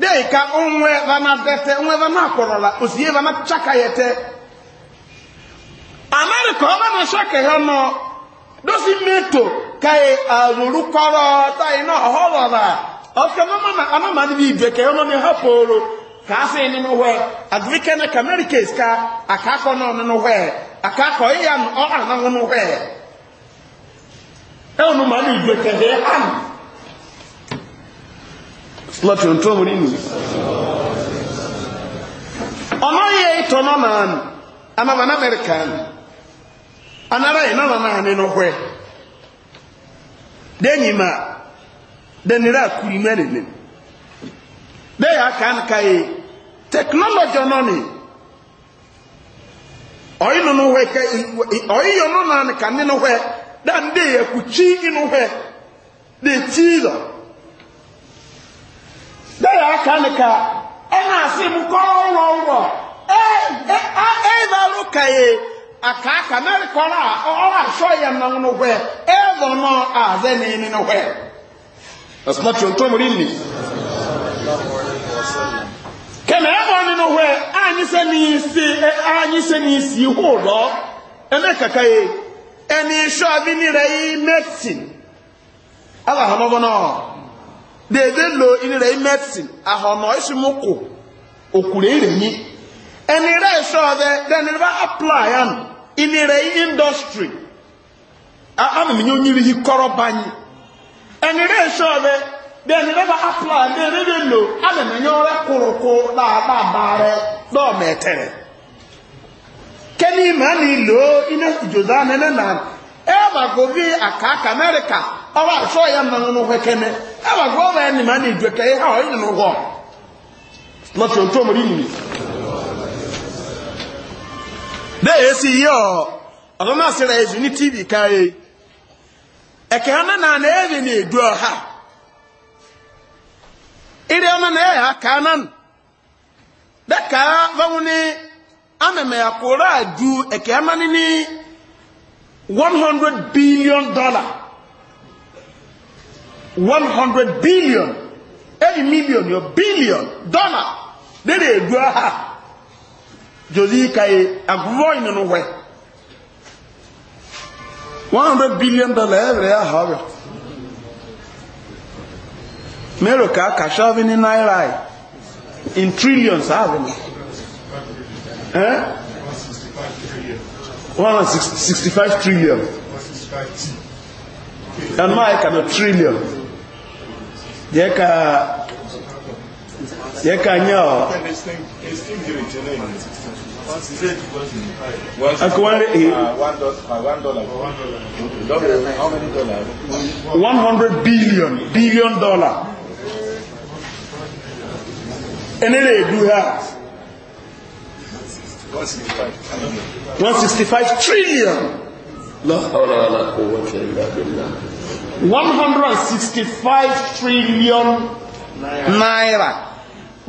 dee ka onwe vana dete onwe vana akɔrɔla osie vana tsaka yɛ tɛ amerika ɔvana tsaka yɛ nɔ dosi meto ka yi azuru kɔrɔ ta yi nɔ ɔhɔlɔla ɔkɛ mama na anama de bi due kɛ ɔnɔ ne ha pooro kaase ne no hɔɛ adiri kɛnɛ ka amerika esika akakɔ nɔ ne no hɔɛ akakɔ eya ɔhana ne no hɔɛ ɛwɔ no e ma ne due kɛ hɛ hanu. láti ohun tó múrí nù ọ̀nà yẹ ìtọ̀nà náà anara yìí náà náà nínú hwẹ́ dẹ́yìn ma dẹ́nira kúrì mẹ́rin dẹ́yà kánká yìí tẹkinọ́lọ́jọ́ náà nì ọ̀yìn nínú hwẹ́ ọ̀yìn yọ̀ náà nìkan nínú hwẹ́ dáa dẹ́yà aka n'aka ẹ̀nà na-asị kọ́ ọ̀rọ̀ ọ̀rọ̀ ẹ̀ẹ́dà lóka yẹ àkàkà aka kọ́ra ọ̀rọ̀ àṣọ yẹ nàn nù hwẹ́ ẹ̀ẹ́dọ̀ nọ àzẹ́ ní ní nù hwẹ́. ẹ̀sùnmọ́ tí o tó múrí nì. kẹ̀mẹ́ ní dèédé lo ìrírẹ̀ mẹ́tìsìn àhọ̀nà ìṣímùkù òkùrẹ́ ìrẹ̀yí ẹni rẹ̀ ṣọ́ ọ̀dẹ dẹni bá apply am ìrírẹ̀ industry amòmí ni onírì yìí kọrọ banyi. ẹni rẹ̀ ṣọ́ ọ̀dẹ dẹni bá apply am dèédé lo amòmí ni ọ̀rẹ́ kúrúkú dáadáa rẹ̀ kẹ́ni ìmọ̀ ni bàgọ́ bí àkàkà amẹ́ríkà. awa asọ ya mma ṅụṅụ hwe kene awa gwa ọba ya nima na-edwe ka ihe a ọyị nụ hụ lọtụ otu omori nyi de esi ihe ọ ọdọ na asịrị ezu ni tv ka e eke ha na na ebe na-edu ọha ịrị ọma na ya ka na dịka vanwụnị ameme akwụrụ adu eke ha na ni 100 billion dollar 100 billion ẹni million your billion dollar lédè èdú aha jòzí kàyé àgùrọ̀ ìnùnú wẹ̀ 100 billion dollar ẹ̀rẹ̀ aha ọ̀rẹ̀ mẹ́rọ ká kàṣọ́bí ní náírà ẹ̀ in trillions ààrùn ẹ́ 165 trillion and máa ẹ̀kànà trillion jẹ́ ká jẹ́ ká yán ọ̀ one hundred billion billion dollar ẹnẹ́rẹ̀ do ha one sixty five trillion lọ́wọ́lọ́wọ́lọ́ owó tẹ̀lé ìgbàgbé 165 trillion naira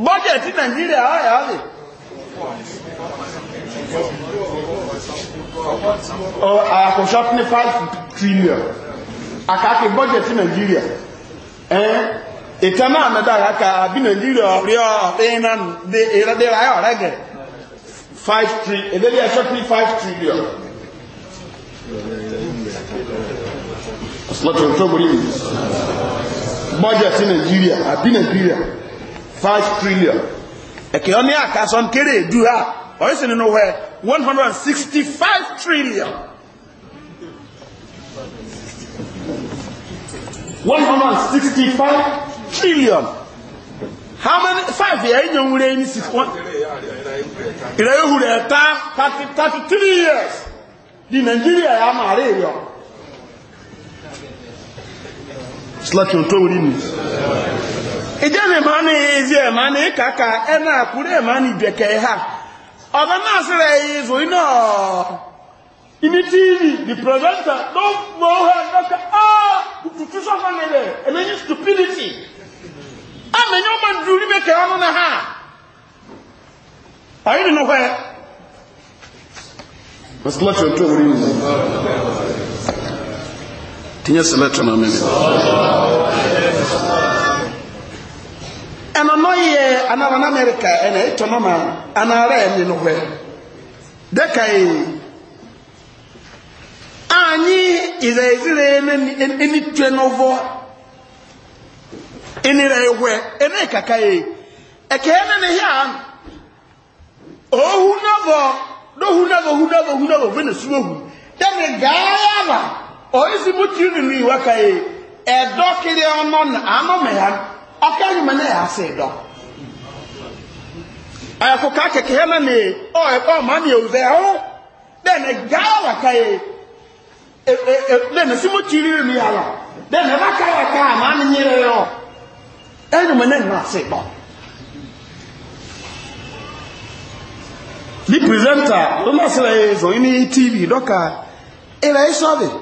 budget nigeria ọ̀rẹ́ ọ̀rẹ́ àkọ̀ṣọ́ ní 5 trillion àkàkì budget nigeria ẹn eh? ìtẹ́nà àmẹ́ta àkà bí nigeria ọ̀rẹ́ ọ̀rẹ́ iná ìrẹ́dẹ́rẹ́ ayọ̀ rẹ̀ gẹ̀ẹ́ 5 trillion ẹ̀dẹ́rẹ́ ẹ̀ṣọ́ 5 trillion lọ́tọ̀ tó múlé yìí budget nigeria àbí nigeria five trillion ẹ̀kẹ́ ọ ní àkàsán kéré èdú ha ọ̀rẹ́sìn nínú wẹ́ one hundred and sixty five trillion one hundred and sixty five trillion how many five yẹn ń yẹn wúre ní six one ìrẹ́yìn hùrẹ̀ ẹ̀ta thirty three years di nigeria yà máa rí ìrọ̀. slaki on towuri ni ijene mani izie mani kaka ena akure mani beke ha ọba náà sẹrẹ ìzò iná ìní tv the presenter don mọ ha dọkà ah tutu sọfọ nílẹ ẹlẹyìn stupidity àmì ẹ̀yọ́ máa dùn ní bẹ̀kẹ̀ ọ̀nà náà ha ayé nínú hwẹ́. Mọ̀sílọ́tì ọ̀tún òwúrọ̀ yìí. tinye salatu na mimi ɛnɔ anara na amerika ɛnɛ na nɔ ma anara yɛ nyinu hɛ deka anyị anyi izayizire eni tue nɔvɔ eni rɛ hɛ ɛnɛ kaka ohu nɔvɔ do hu hu hu gaa oyisi mutiri ninu iwa ka ye edokiri kiri ɔnɔ anɔ mɛya ɔkɛ ɛnyuma na yà ase dɔ ayɔfo ya na hɛ nani ma na ni ozɛ hɔ dɛnɛ gaa wa ka ye ɛ ɛ dɛnɛ si mutiri ninu ya la dɛnɛ ba ka ka ama na nyere yɔ na yà ase dɔ. the presenter ló ma sọ ẹ zọ ní tv dọ́ka ẹ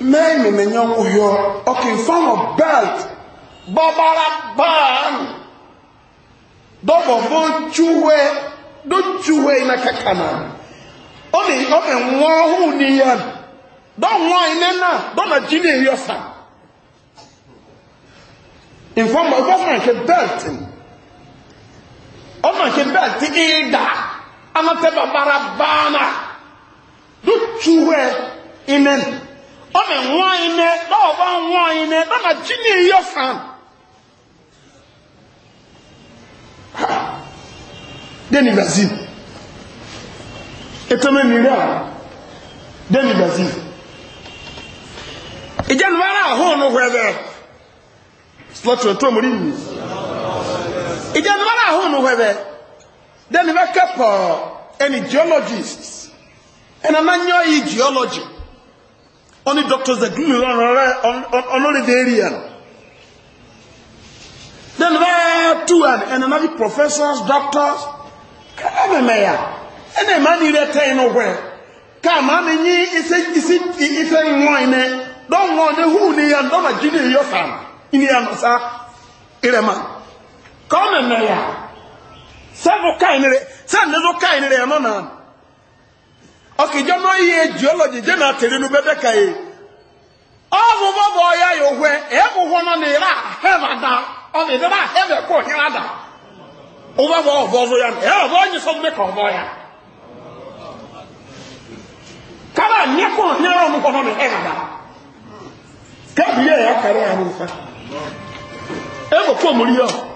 mee mmemme nwụhịọ ọka ifeanọ belt gbabara ban dọbọbọ nchuwe donchuwe na kakana ọ na ọ dị nwa ọhụụ n'ihe dọnwa ine na dọna ji na-eyi ọsa ifeanọ ọgbọfọ nke belt ọ nke belt ịda anata gbabara bana donchuwe ɔmɛ nwaanyi nɛ dɔwɔba nwaanyi nɛ dɔna gyini yɛ fan deni brazil etome niri a deni brazil ìjẹ́ nu ara àhóhùn ní hwẹ́bẹ́ slọ́tù ètò òmùrí yìí ìjẹ́ nu ara àhóhùn ní hwẹ́bẹ́ deni bẹ́ kẹ́pọ̀ ẹni geologist ẹni anányọ́ yìí geologist only doctors that do me on only the area. Then there are two and, and another professors, doctors. Come on, mayor. And a man in that time nowhere. Come on, and ye is a is it is a wine. Don't want the who near and don't give you your son. In the answer, Irema. Come on, mayor. Several kind of it. Some little kind of on ọkìjọ náà yẹ geology jẹ́ náà tèrè ka yìí ọ̀hún bọ́ bọ́ ọ̀yá yóò hwẹ́ ẹ̀ẹ́kù hwọ́ náà ní ìlà àhẹ́mà dá ọ̀nà ìdẹ́rẹ́ àhẹ́mà kọ̀ ọ̀hìnrà dá ọbụ ya ẹ̀ ọ̀bọ̀ ọ̀nyí sọ ya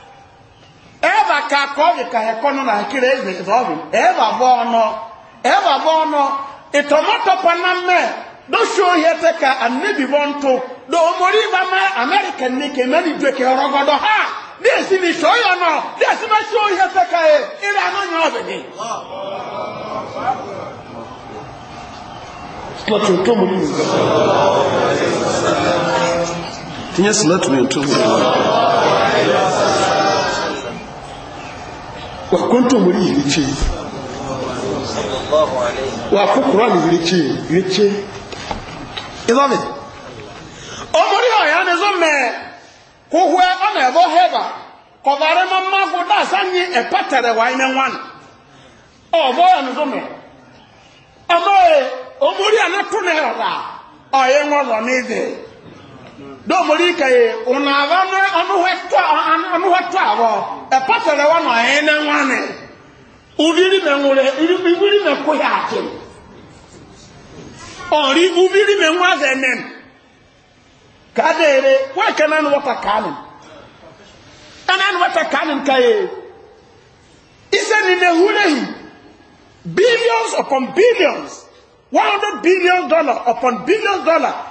ɛva ka kɔɔvi ka yɛ kɔnɔ na kiri ɛvi zɔɔvi ɛva vɔ ɔnɔ ɛva vɔ ɔnɔ ìtɔmɔtɔ panamɛ do so yɛ tɛ ka anabi bɔ nto do omori ba ma amɛrika ni kemɛni do kɛ ɔrɔgɔdɔ ha ní èsì ni sɔ yɔ nɔ ní èsì ma so yɛ tɛ ka yɛ ìlà ní ɔnyɔ ɔbɛ ni. Lọ́tún tó mú mi. Tíyẹ́ sílẹ̀ tó mú mi tó mú mi. wakonto muri ibiki wakukura ni ibiki ibiki izabe omori oya n'ezo zo me kuhwe ana ebo heba kovare mama goda sanyi epatere wa ine wan obo ya ne zo me amoe omori ana tune ora oye ngolo ni de domori kaye unava na anuhetwa anuhetwa abo epatele wa na ene nwane udiri me ngure ibiri me ko ya ke ori ubiri me nwa zenen kadere wa kana no wata kanin e ana no wata ka kaye isani ne hulehi billions upon billions billion dollar upon billion dollar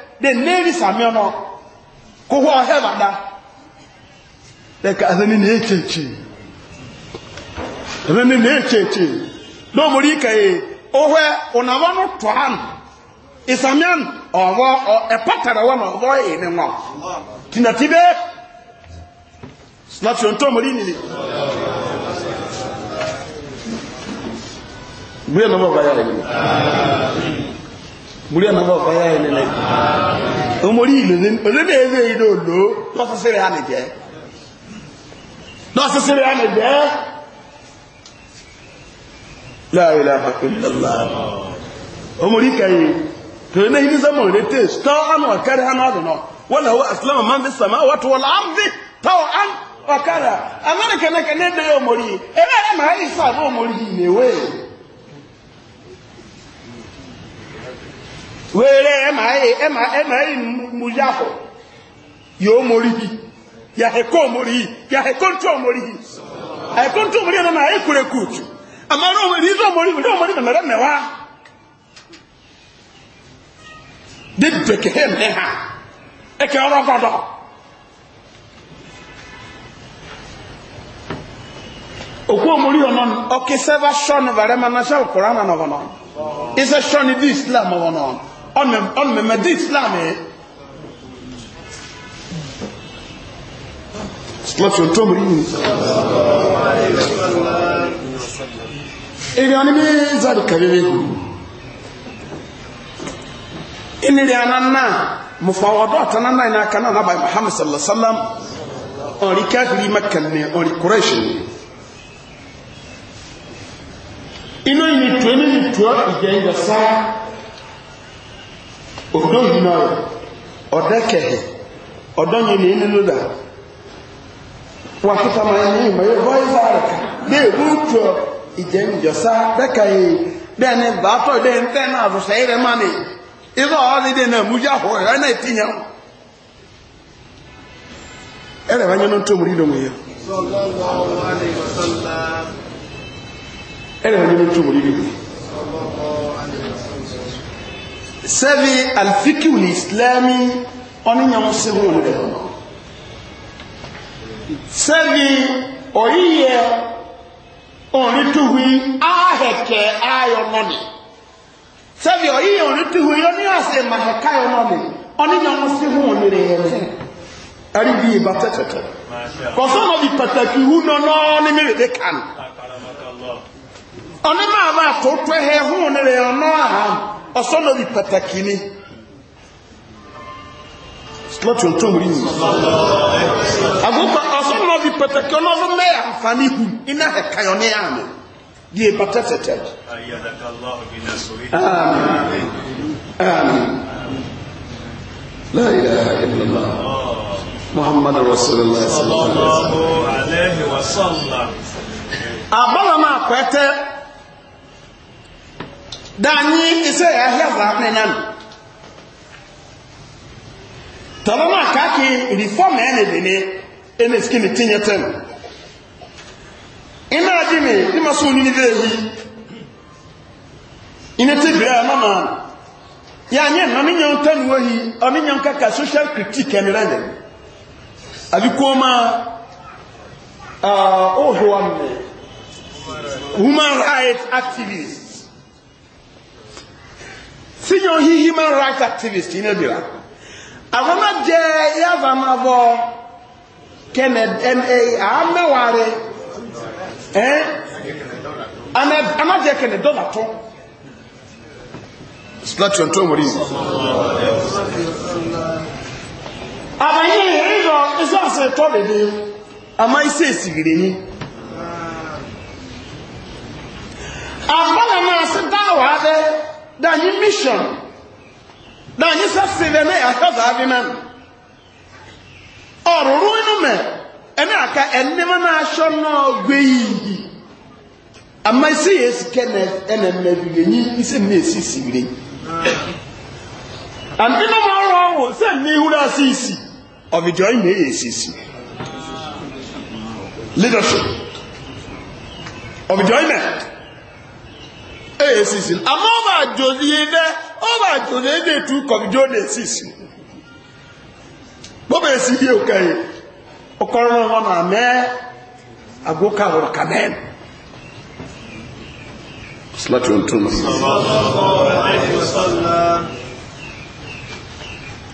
The neri sami ɔnɔ ko hɔ ɔhɛ bada de ka ɛdini na ekyekye ɛdini na ekyekye lomori kɛyɛ ohwɛ ɔnabɔ no tɔha oh, no isamian ɔwɔ e ɛpatara wɔ na ɔwɔ yi ne ŋɔ tinati bɛ sinatsi ntomori nini. Gbé nọ́mbà báyà rẹ̀ nínú múrí ọ̀nà bọ̀ fẹ́ yẹ́ ilẹ̀ omori ìlẹ́lẹ́ ẹ̀lẹ́ ìlú òlò lọ́sẹsẹ̀rẹ̀ ànìjẹ́ lọ́sẹsẹ̀rẹ̀ ànìjẹ́ láàrínlá àpapẹ̀lá omori kẹyìn tó ní ilé sọmọ rẹ tẹ tọ́ àmọ́ ọ̀kẹ́rẹ́ hánà àdùnà wọ́n lọ́wọ́ asilamu máa ń fi sàmà wọ́n tó wọ́n láà ń fi tọ́wọ́ án ọ̀kẹ́rẹ́ amẹ́rẹ̀kẹ́nẹ́kẹ́ ní ẹ̀dẹ́ omori ẹ̀rẹ́ ẹ̀rẹ́ màá yìí sàmà omori yìí nìwé wèrè ẹ̀mà ìmúyàfọ̀ yóò mórí yìí yàhẹ̀kọ́ mórí yìí yàhẹ̀kọ́ tó mórí yìí na tó mórí ẹ̀nà ẹ̀kùrẹ̀ kùtù àmà ọ̀rọ̀ èyí tó mórí yìí mórí mẹ̀rẹ̀ mẹ̀wá dídè kẹ̀hẹ́ mẹ́ha ẹ̀kẹ́ ọ̀rọ̀ gọ́dọ̀ òkú mórí ọ̀nà ọ̀kẹ́ sẹ́fà sọ́ọ̀nù bàrẹ́mà náà sẹ́fà kùránà nà ọ̀nà ìsẹ́ islam ọmọmọdé islam ẹ̀ slọ́tí tó mú yìí ìrìn ọ̀nà bí zàdù kẹrẹrẹ ìnìrìn àná náà mufawọ́dọ́ àtàná náà iná kaná náà muhammad sallallahu alaihi wasallam ọ̀rí káfìrí mẹ́kànnì ọ̀rí kúrẹ́ṣì inú ìnìtò inú ìnìtò ìjẹ́ ìjọ sáà odonyinɔyɔ ɔdɛkɛhɛ ɔdɔnyini eninuda wakutama ɛnyin ma yɛ rɔyizari bɛ ebuntɔ ìjẹnjɔsa dɛkɛhɛ bɛɛ ni baatɔ de ntɛ na azɔsɛ yɛrɛ na ni ibà ɔdi na mudza hɔ yɛ ɛna eti nya ɛrɛ wa nyɔnu tó muri domo yɛ n'otu ya. sẹ́bi alifikiu ní islami ọ́nìyàn síbò rẹ̀ sẹ́bi òyíyẹ òrìtúhui áhẹ̀kẹ́ ayọ̀nọ́ni sẹ́bi òyíyẹ òrìtúhui oníyàsẹ̀ màhẹ̀ká ayọ̀nọ́ni ọ́nìyàn síbò rẹ̀ ẹ̀rí bí ibà tẹ́tẹ̀tẹ̀ kọ̀sọ́nà di pàtàkì ihu nọ́nọ́ ní mẹ́rẹ̀dẹ́ kan ọ̀nìmọ̀ àwọn àtọ́tọ́ ẹ̀hún rẹ̀ ọ̀nà àhàn ọ̀sọ́nà bí pàtàkì ní slọ́tún tó rí ní agbókọ̀ ọ̀sọ́nà bí pàtàkì ọlọ́run mẹ́ àǹfààní hù iná ẹ̀kayọ̀ ní àmì di ìpàtẹ́tẹ̀tẹ̀ Muhammad Rasulullah sallallahu alaihi wasallam. Abala ma kwete danyi ise ya ahịa zaane e na no tọrọ na aka ka reform ene dene ene na tinye tem ina adi mi di ma so ni ni dehi ina te bira na ya nye na ni nyon tan wo hi oni nyon kaka social critique ene rende abi ko ma ah uh, human rights activists senior human rights activist ina bira avama je yavama kene ma ameware eh ama ama je kene dollar to slatu nto mori abaye say to ama ise sigire ni Ahoma na se da nyi mission da nyi sasebe na yaka zaabi nan ɔruru inu mɛ ɛna aka ɛnema na ahyɛ nɔɔ gbe yiyi ama esi yɛ sika na ɛna mɛ bi enyi esi mɛ esi siwire ante na ma ɔrɔ ɔwɔ sɛ ne ihu na asi isi ɔbidjɔ yi mɛ yɛ esi isi leadership ɔbidjɔ yi mɛ. eye ama ọ bụ ebe ọ bụ ebe etu kọbido na-esisi bọba esi ihe oke yi ọkọrọ ọ na mee agụka hụrụ ka mee salatu ntoma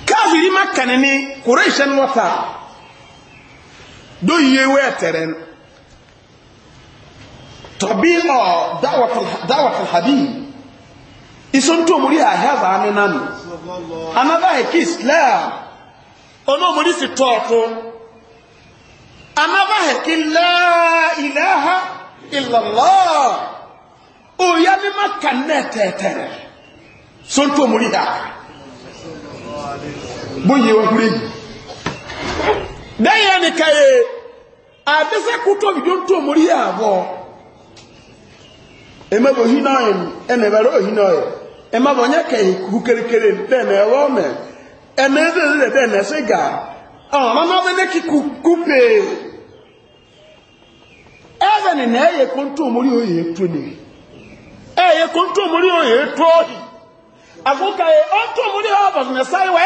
kafiri tabi'a da'wat al-habib isun to muri a hava ne nan another e islam ono muri si toto another e la ilaha illa allah o ya ni makanne tetere sun to muri da boye wa kure dayan emebo hinoim enebere ohinoye emebo nyeke hukerikere dene wome enezezire dene siga ọ̀rọ̀ náà ní kíkú kúpè ẹ̀rẹ̀ na ẹ̀yẹ kó ń tó mórí òye tó ní ẹ̀yẹ kó ń tó mórí òye tó òhì àkókò ẹ̀ ó ń tó mórí ọ̀bọ̀n ní sáyẹ̀wọ̀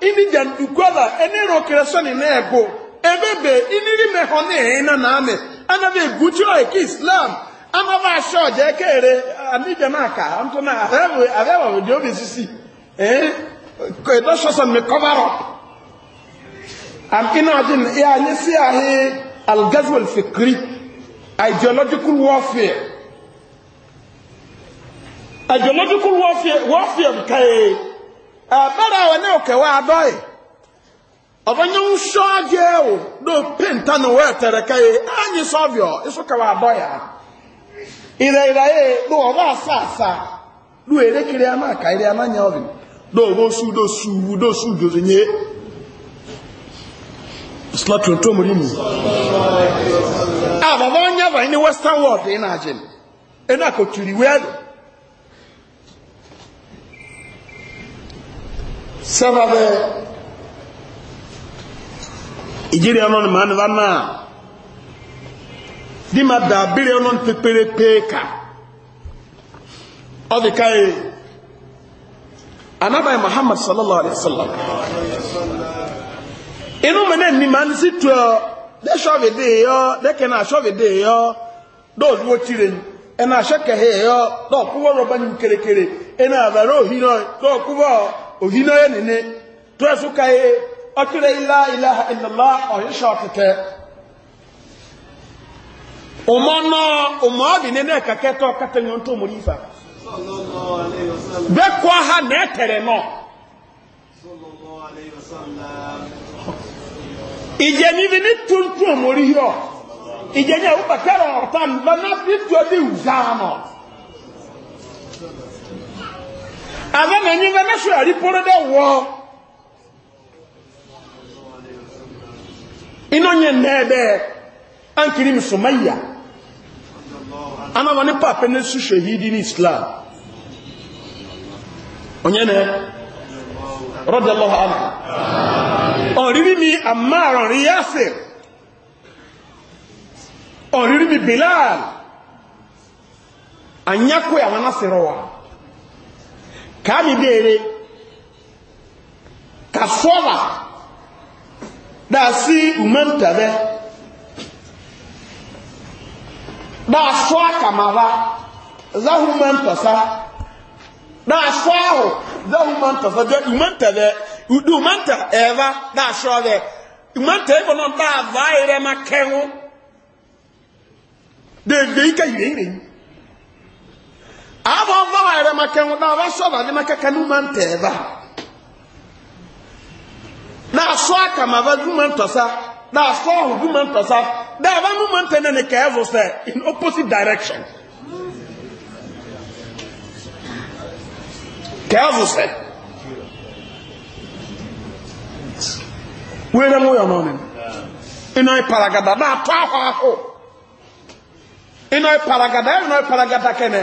ini jandukwala ene rokereso ni nebo ebebe iniri meho ne ena na ame ana be gujo e ki islam ama ba sho je kere ani de maka amto na arewe arewe de obi sisi eh ko edo sho so me cover up am ina din ya e ni si ahi al gazw al fikri ideological warfare ideological warfare warfare kai abara awa ne okewa adɔe ɔbɛnyɛ nso adeɛ o do penta no wɔ ɛtɛrɛka yi anyi sɔviɔ nso kawa adɔe a ìrẹ̀rẹ̀ yìí e, do asaasa ama ama nyɛ su su su dodo nye mu a bàbá nyɛ bàyìn ní western world yìí n'agye no akotiri sɛbɛbɛ ìjírí ọlọ́ni na ní wánà di ma dàbírí ọlọ́ni pépéré péèkà ọdí káyé anábàáyé muhammad sallallahu alaihi wasallam inú mi náà ní ma ní sí tuọ dé sọ́ọ̀bìdì yọ dẹ́kẹ̀ náà sọ́ọ̀bìdì yọ dóòdúwó na ẹnà àṣẹkẹ̀ yọ dọ́ọ̀kúwọ́ rọ̀bá ní kérékéré ẹnà àbẹ̀rẹ̀ òhìrọ̀ ohino ye nene to so kai akire ila ilaha illallah o yesha kete umana umabi nene kaketo katanyo nto mulifa sallallahu alaihi wasallam be kwa ha ne tere no sallallahu alaihi wasallam ije ni bi ni tuntun mori yo ije ni o bakara o tan bana bi to bi uzano Aza na enyi na so yari poro de wo. Ino nye nebe an kiri musumayya. Ana wani papa ne su shahidi ni Islam. Onye ne radiyallahu anhu. Oriri mi Ammar ri Yasir. Oriri mi Bilal. Anyakwe àwọn asịrọwa. kàámi béèrè kàfọ́là dáa sí umẹ́ntẹ̀bẹ́ dáa sọ́ àkàmàrà záhùmẹ́ntẹ̀sá dáa sọ́ àhùn záhùmẹ́ntẹ̀sá jẹ́ umẹ́ntẹ̀bẹ́ udu umẹ́ntẹ̀ ẹ̀ẹ́vá dáa sọ́ rẹ̀ umẹ́ntẹ̀ ẹ̀bọ̀n náà dáa vá ẹ̀rẹ́ máa kẹ́hún dèbè ikẹ́ ìrẹ́rẹ́ Abụ ọva wayere maka nwụda ọbasụ ọbadị maka ka ebe na-asụ aka ma ba n'uma na-asụ ọhụ n'uma ntọsa na-aba n'uma na nene ka evu in opposite direction ka evu sị were nwụọ n'ọnụ ịnọ ịparagada na-atọ ahụ ahụ ịnọ ịparagada ịnọ ịparagada kene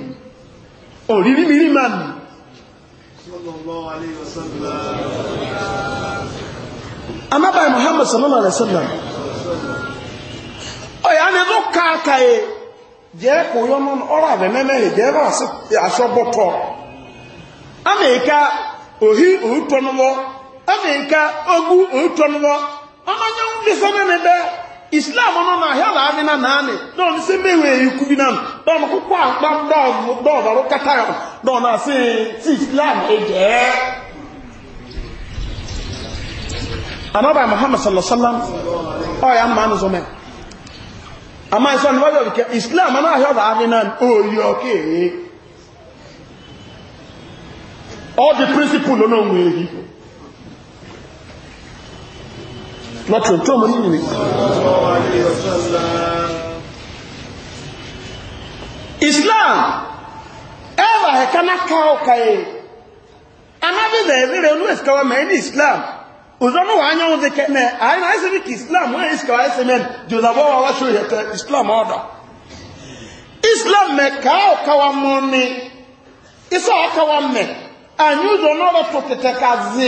òrírí mi rí máa nì anábàá muhammad sallallahu alaihi wasallam ọ̀yà ni ló káàkàyè e. jẹ́ kò yọ mọ́ ọ̀rọ̀ àbẹ̀ mẹ́mẹ́rin jẹ́ rọ̀ sí aṣọ́bọ̀tọ̀ amẹ́ríkà òhí òhútọ́numọ́ amẹ́ríkà ogún òhútọ́numọ́ ọmọ yẹn ń bí sọ́nà níbẹ̀ islam no na hia la ave na nane do ni se mewe iku bi nan do mo ko pa pa do do ba ro kata yo do na se si islam e je anaba muhammad sallallahu alaihi wasallam o ya ma no zome ama so ni wa ke islam na hia la ave nan o yo ke all the principle no no we lọ́tún tó mọ̀ nínú islam ẹwà ẹ̀ka náà ká ọkà yìí anábìdẹ̀ ìrírẹ̀ olú islam òzọ́nù wà ányánwó ti kẹ́ mẹ́ àyínà islamic islam wọ́n ìsìkọwà ẹsẹ̀ mẹ́ wà wáṣọ ìyẹ̀tẹ̀ islam ọ̀dọ̀ islam mẹ́ ká ọkà wa mú mi isọ́ ọkà wa mẹ́ àyínúzọ̀ náà rẹ̀ tó tẹ̀tẹ̀ ká zi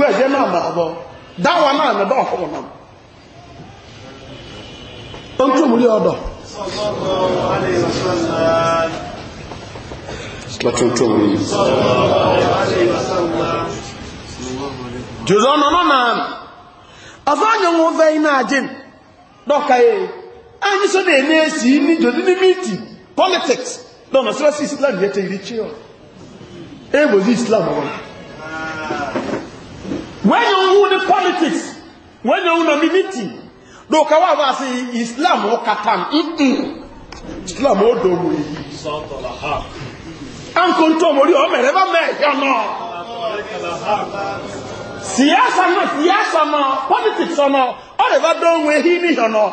wẹ́ẹ̀jẹ́ náà bá bọ́ na náà nà dọ́ ọ̀fọ́ náà ó ń tún múlé ọ̀dọ̀ jùzọ́ nọ́nọ́ na ọ̀fọ́ anyọ̀ wọn fẹ́ iná ajin ajị yẹ ya anyị so na-esi ní jòdì ní mìtì politics na sọ́dọ̀ islam ya tẹ̀ ìrìchí ọ̀ islam wọn wẹ́nyẹ̀ ohun ní politics when you ohun ní meeting ló kẹwàá bá sí islam ó katam ìtù islam ó dòwò yìí an kò to tó mọ̀rí ọmọ ẹ̀rẹ́ bá mẹ́ẹ̀kẹ́ náà siyasa náà siyasa náà politics náà ọ̀rẹ́ bá dòwò ehi níyàn náà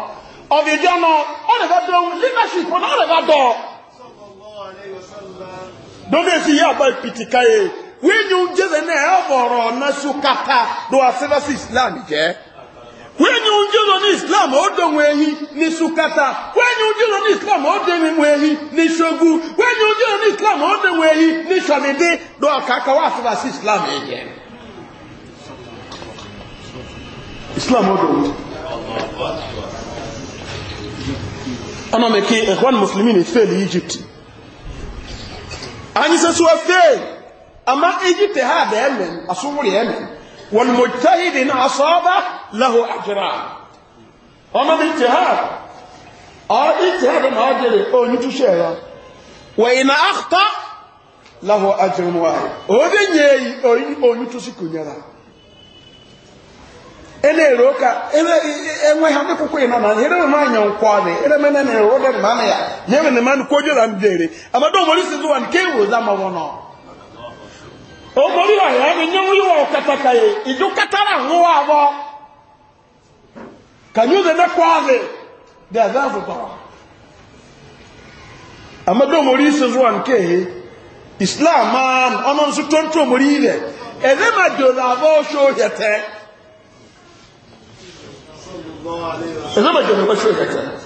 ọ̀bìjọ́ náà ọ̀rẹ́ bá dòwò leadership náà ọ̀rẹ́ bá dọ̀ be èsì yí àbá ìpìtìkáyé wíyìn oúnjẹ náà ẹ ọ̀rọ̀ ọ̀nà sukata ló wá sí lọ́sí islam jẹ́ wíyìn oúnjẹ lọ ní islam ó dòun ehi ní sukata wíyìn oúnjẹ lọ ní islam ó dòun ehi ní ṣogu wíyìn oúnjẹ lọ ní islam ó dòun ehi ní sọmídé ló wá A wá sí lọ́sí islam jẹ́ islam ó dòun ọ̀nà mẹ́kí ẹ̀kọ́ mùsùlùmí ní fẹ́ẹ̀lì egypt àyíṣẹ́ sọ fẹ́ẹ̀lì أما إجت هذا يمن أصور يمن والمجتهد إن له أجران أما الاجتهاد اجتهاد هاجر أو نتشهر وإن أخطأ له أجر واحد أذن يي أو roka enwe ha ne kokwe na na ma nya nkwa ne na mena ne rode ma na ya nyewe ne man kojo la mdere amado mo risi zuwa nke wo za omori wa ya ni nyɔnu yi wɔ kɛtɛkɛ ye idu katara ŋu wa bɔ kanyu de ne kɔ ave de ave avutɔ amadu omori sozuwan kehe islam maa ɔno nso tonto omori yi dɛ ɛdɛ ma do la bɔ so yɛtɛ ɛdɛ ma do la bɔ so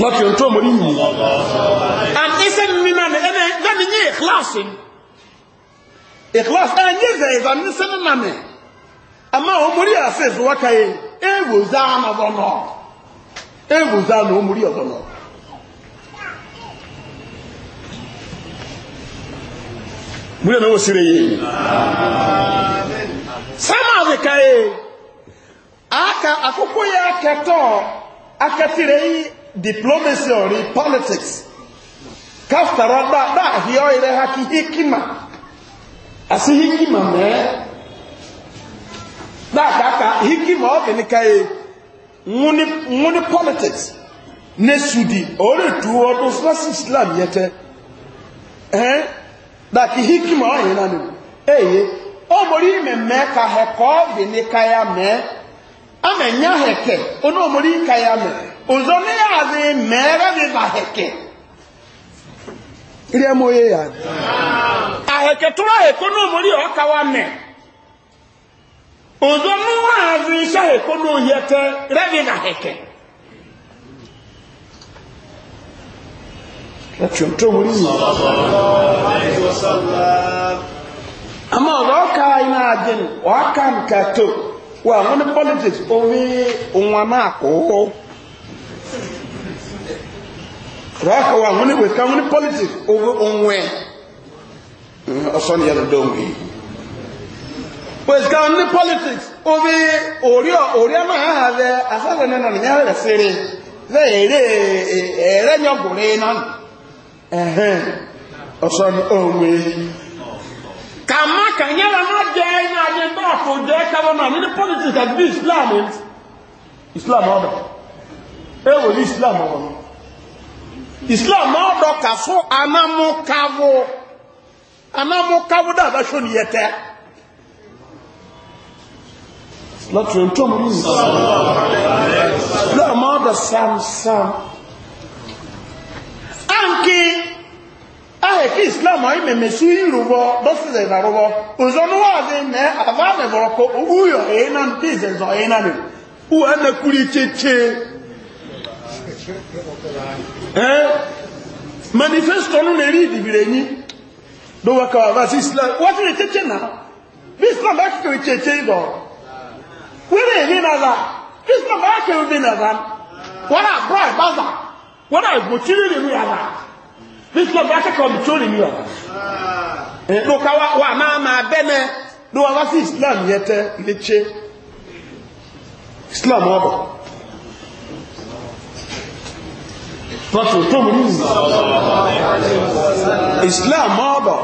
láti ọ̀tọ́ mọ̀ nínú àtẹ́sẹ́ nínú ẹ̀nà ẹ̀dẹ́ni ní ìkláàsì ìkláàsì ẹ̀yẹ́ ìzẹ̀ ìzàmísẹ́ nínú mẹ́ àmá ọmọrí àṣẹ ìfowókà yìí ewùzá ọ̀nà ewùzá ọ̀nà ọmọrí ọ̀nà múlẹ̀ náà wọ́n síre yìí sáàmà àzìkà yìí àkàkókò yẹ akẹtọ̀ akẹtìrẹ yìí diplomacy ori politics kaftara da da ire ha haki hikima asi hikima me da aka hikima obi ni e muni muni politics ne sudi ori tu odo fasi islam yete eh da ki hikima o na nanu eye o mori me me ka he ko bi ni kai ame amenya heke ono mori kai ame uzone yaze mere bibaheke iri emoye yaje aheke turaheko n'omuri oka wame uzone waze ishaheko n'oyete rebibaheke lati omuto omuli ama ozoka inaajeni wakankato wa ngone politics ovi onwana akoo raka wa huni we ka huni politic onwe mm, oson ya do mi we ka huni politics obi orio orio ma ha ve asale na na nya re sere ve ere ere nyogure na eh oson onwe kama kanyala na je na je ba ko je ka na ni politics that be islam islam order e wo islam order islam ọdọ ka so anamukavo anamukavo dá abáṣọ ni yẹ tẹ láti rẹ̀ tó mú islam ọdọ samsam ánkì ahẹ̀kí islam ayé mẹ̀mẹ̀ sí ìrùbọ dọ́sílẹ̀ ìdàrúbọ òzọ́núwà àti mẹ́ àbábẹ̀bọ̀rọ̀kọ òwúyọ̀ èyí náà ní ìzẹ̀zọ̀ èyí náà ní wọ́n ẹ̀nà kúrì chéché eh manifesto no le read birenyi do waka wa islam what we teach now this not back to teach go where he na za this not back to na what a boy baza what a go ya this not back to be chiri eh do wa ma ma bene do wa islam yete leche islam tọ́tù tó mú ní islam mọ́ọ̀bọ̀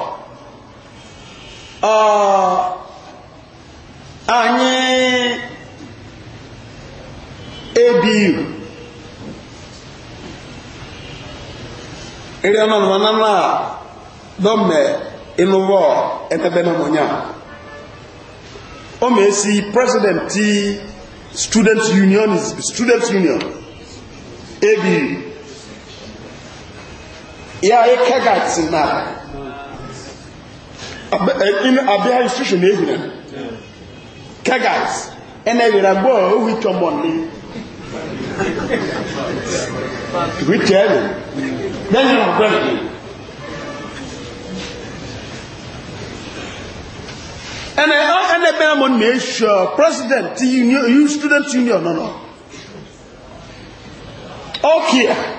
anyị ebiru ịrịọ nọ na na dọmme ịnụbọ emebe na mụnya o mesi president student union student union ebiru ya yi kaga tsinar abia eh, ah, institution eh, na ehina kagas ɛna ewira gbɔ owi tɔmɔ ni witɛ ɛlu lɛyi ɔgbɛ ni ɛna ɛna bɛn mo na esua president union student union nɔnɔ ɔkia. Okay.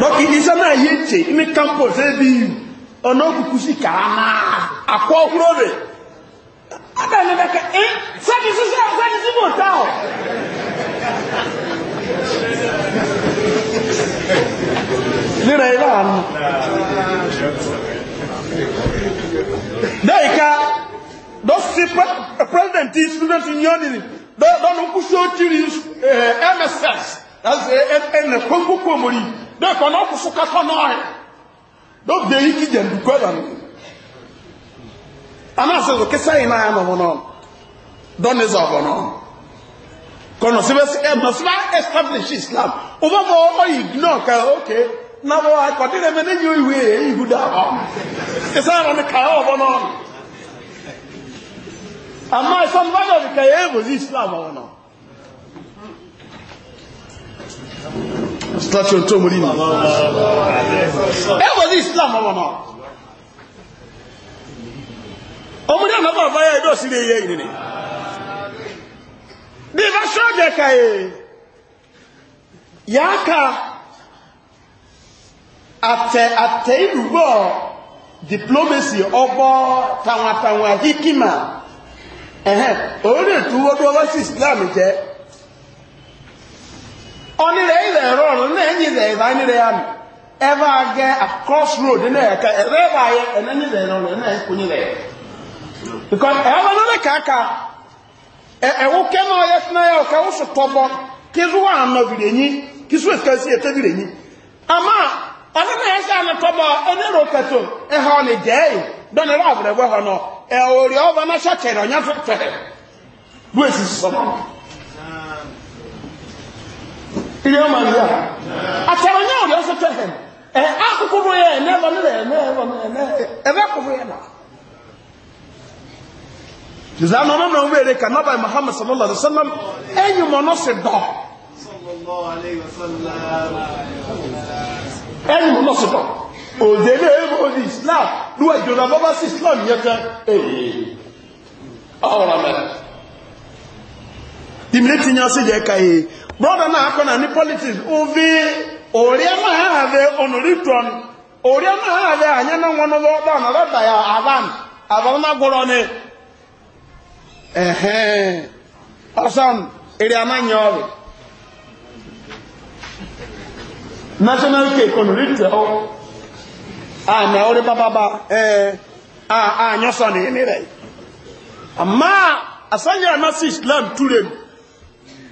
donc iṣẹ́ náà yé tse ní campus ẹbí ọ̀nà òkùnkùn eh, sí kàánà àkọ́ ọ̀húrọ̀ rẹ̀ abẹ́lẹ̀ bẹ́kẹ̀ ẹ́ sẹ́ni sísẹ́ sẹ́ni síbò tá ọ̀ nínú ẹ̀rọ àánú dẹ́ẹ̀ka lọ́sí president student union lọ́nà kúṣọ́ jírí mss ẹ̀ẹ́nẹ̀kọ́ kókó mọ́rí dẹ́kọ̀ náà kò fún kátọ́ náà ẹ̀ lóde yìí kí jẹ̀dùkọ́ ẹ̀ lọ́nà anáàsì rò kí sẹ́yìn náà yànnà wọn dọ́ni zọ̀bọ̀ náà kọ̀nà síbẹ̀sí ẹ̀ mọ̀ síbẹ̀ establish islam ọba bọ̀ ọ ignore kẹ́ ok náà wọ́n akọ̀dé rẹ̀ mẹ́lẹ́ yóò ìwé ìhù dà ọ́ ìsẹ́yìn rẹ̀ ni kàá ọ̀bọ̀ náà àmọ́ ìsọ̀nù bá dọ̀ Start your mú rí ni e. islam ọmọ náà ọmọdé ọmọ bá báyá ẹ̀dọ́ sí lè yẹ ìrìnì bí bá ṣọ́jẹ̀ kàyè yàá ka àtẹ àtẹ ìrùgbọ́ diplomacy ọgbọ́ tàwàtàwà hikima ẹ̀hẹ́ orílẹ̀-èdè tó wọ́n tó wọ́n sí islam jẹ́ ọ̀nìrẹ̀ ilẹ̀ ẹ̀rọ ọ̀rọ̀ náà ẹ̀yìn ilẹ̀ ẹ̀bá nílẹ̀ ya nù ẹ̀bá gẹ́ across road nínú ẹ̀ka ẹ̀rẹ́ ẹ̀bá yẹ ẹ̀nà nílẹ̀ ẹ̀rọ ọ̀rọ̀ náà ẹ̀kú nílẹ̀ ẹ̀. because ẹ̀rọ náà kàkà ẹ̀wọ́ kẹ́mọ́ ọ̀yẹ́ fúnná yẹ ọ̀kẹ́ wọ́n sọ̀tọ̀ bọ kí zú wà àmọ́ bìrẹ̀ yín kí zú èsìkà sí ètò bìrẹ̀ yín. àmọ́ ọ̀nà náà yẹ sẹ́ àmì tọ́bọ̀ ẹni rò pẹ̀tọ̀ ẹ̀hà ọ̀nì jẹ́ ẹ̀ dọ́nà ẹ̀rọ àbúrẹ̀ wẹ̀ hàn náà ẹ̀ náà ṣàkẹ́rẹ̀ ọ̀nyá tẹ̀rẹ̀ ilé ọmọ ìyá àtàwọn ní ọ̀rẹ́ ọsọ tẹ́ hẹn ẹ akókò bó yẹ ẹ̀nẹ́ ẹ̀bọ nílẹ̀ ẹ̀nẹ́ ẹ̀bọ nílẹ̀ ẹ̀bẹ́ kò bó yẹ nà. jùzá nọ nínú ọmọ èrè kan nábàá muhammed sallallahu alaihi wasallam. sallam ẹ̀yìn mọ̀ náà sì dọ̀. ẹ̀yìn mọ̀ náà sì dọ̀ òde ilé ẹ̀rọ ní islam lúwà ìjọba bọ́bá sí islam yẹn kan ọ̀rọ̀ mẹ́rin. ìmìlẹ̀ ti sí yẹ ká yìí. brọda na-akọ na ndị politiks ụvi orie mahadhe onoriton orie mahadhe anya na nwa n'ụlọ ọba na rọda ya avan avanna gwọrọ ni ehe ọsọm iri amanya ọrụ national cake onoriton a na ori bababa ee a anyọsọ na ịnịrị amma asanya amasị islam turenu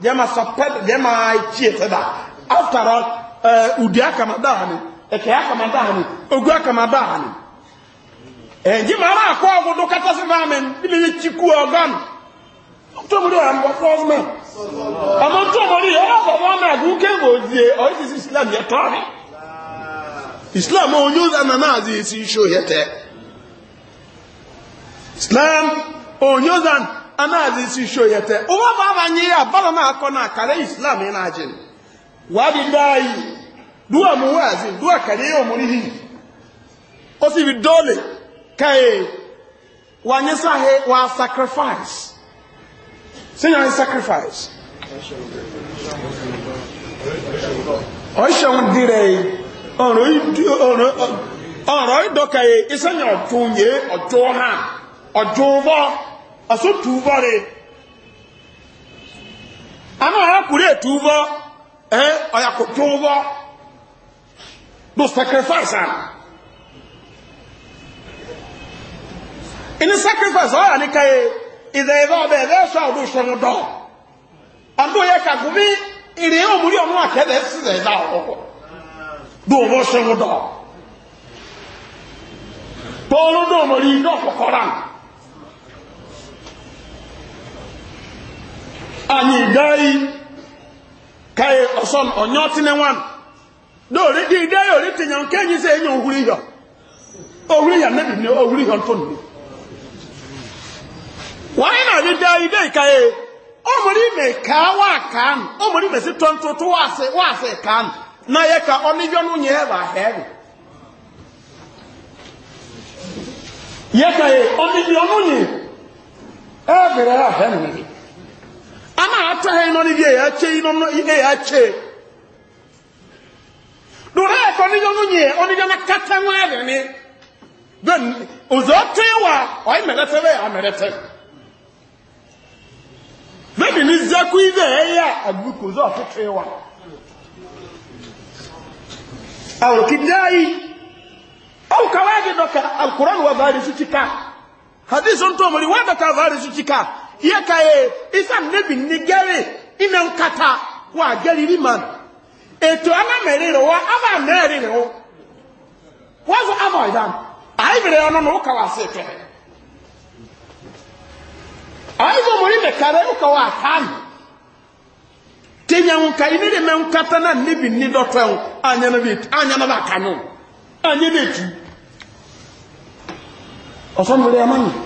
jama sapɛd jama tie sɛ da after all ɛɛ udi akama da hani ɛkɛ e, akama da hani ogu akama da hani ɛɛ e, jama ara akɔ agodo kata se fa mɛ ndimi ye tsi ku ɔgan tóbori ɔyà mbɔ fɔs mɛ ɔmɔ tóbori ɔyà bɔ mɔ mɛ kú kéwòn zie ɔyì sisi islam yɛ tɔri islam onyo zanana azi esi iso yɛ tɛ islam onyo zanana. anaghịzi isi isi oyete ụwa bụ abanye ya bala na-akọ na akara islam ị na-ajị wadi ndị anyị duwa mu wazi duwa kare ya omuri hi o si dole ka e wanye sahe wa sacrifice senior sacrifice ọ̀ṣọ́n dìrẹ̀ ọ̀rọ̀ ìdọ́kà ìsẹ́yìn ọ̀tún yé ọ̀tún hàn ọ̀tún bọ́ ọ̀sọ́ tùúbọ́ rẹ̀ àmọ́ arákùnrin ètùúbọ́ ẹ́ ọ̀yàkò tùúbọ́ ló sacrifice am inú sacrifice ọ̀yà ní káyé ìdẹ̀ ìdọ́ ọbẹ̀ ẹ̀dẹ́ ẹ̀ṣọ́ ọdún ìṣọ́nù dọ́ àdó yẹ kàkú bí ìrìn òmùrí ọmọ àkẹ́dẹ̀ sílẹ̀ ìdá ọ̀pọ̀ dùn ọmọ dọ́ tó ń dùn ìdọ́ ọ̀pọ̀ kọ́ra anyị gaghị ka ọsọ onye ọtịne nwan dori dị gaghị ori tinye nke enyi sị enye ohuri ihe ohuri ihe mmebi na ohuri ihe ntụ nri wanyị na-adị gaghị gaghị ka e ọmụrụ ime ka wa ka nụ ọmụrụ ime si tụ ntụ tụ wasị wasị ka nụ na ya ka ọ nịbịa n'unye ebe ahụ ebe ya ka ọ nịbịa n'unye ebe ahụ ebe atahe ino nibi eyache ino no eyache dore ko ni yo nye oni yo na kata nwa ni ben ozo tewa oi merete be amerete bebi ni zaku ibe e ya agbuko ozo tewa aw kidai aw kawaje doka alquran wa bari sutika hadithun to mali wa ka bari sutika yɛka ye isa nebi ni gɛri ina nkata wa gɛri ri man eto anamɛri rɛ wa aba mɛri rɛ wo wazɔ aba idan ayi bere yɛ ɔnono woka wa se pɛ ayi bɔ mori mɛ kare woka wa tan tenya nka yi ne de mɛ nkata na nebi ni dɔtɔɛ wo anyana bi anyana ba kanu anya bi etu ɔsɔn mori ama nyi.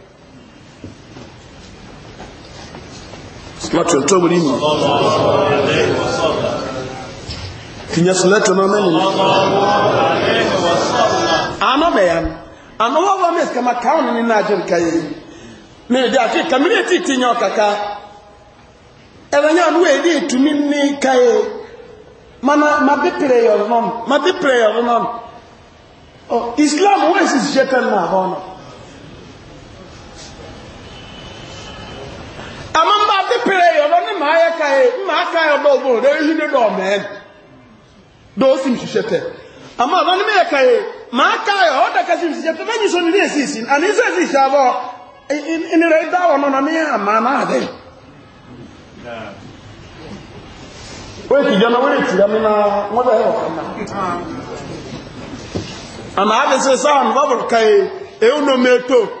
Slatu ya tobu lini? Tinya slatu ya nana nini? Ano beyan. Ano wawa mesi kama kaoni ni najiri kaya. Mene di aki kamile ti tinyo kaka. Ewanya anuwe di tumini kaya. Mana mabipire yonon. Mabipire yonon. Oh, Islam wensi jete na honon. ama mba ati pere yɔdɔ ne maa yɛ ka yɛ maa ka yɛ dɔw bolo de ehi ne dɔw mɛn dɔw si misihyɛ tɛ ama ɔdɔ ne yɛ ka yɛ maa ka yɛ ɔda ka si misihyɛ tɛ bɛyi sɔni ne yɛ si si ani sɛ si si abɔ nira da wɔ no na ne yɛ ama na adɛ. wọ́n ti jẹun wọ́n ti jẹun na wọ́n bẹ̀ yọ̀ ọ̀nà. àmà àbẹ̀sẹ̀ sáà nù bàbà kàyé èyí nà mẹ́tò.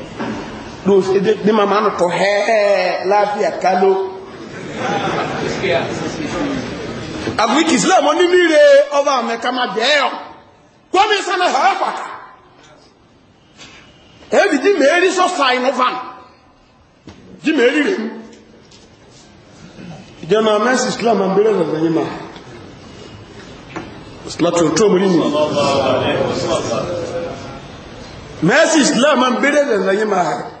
ní màmá nù tó hẹ́ẹ́ láàfíà kálọ́ àbúríkì islam ọ ní níre ọba àmẹ́ka máa jẹ́ ẹ̀ gómi sánà ẹ̀ pàtà èyí jí mẹ́rí sọ́sà inúfàn jí mẹ́rí rẹ̀ ìjọna mẹ́sì islam àbẹ̀rẹ̀ rẹ̀ lẹ́yìn máa láti ọ̀tọ́ mú nínú mẹ́sì islam àbẹ̀rẹ̀ rẹ̀ lẹ́yìn máa rẹ̀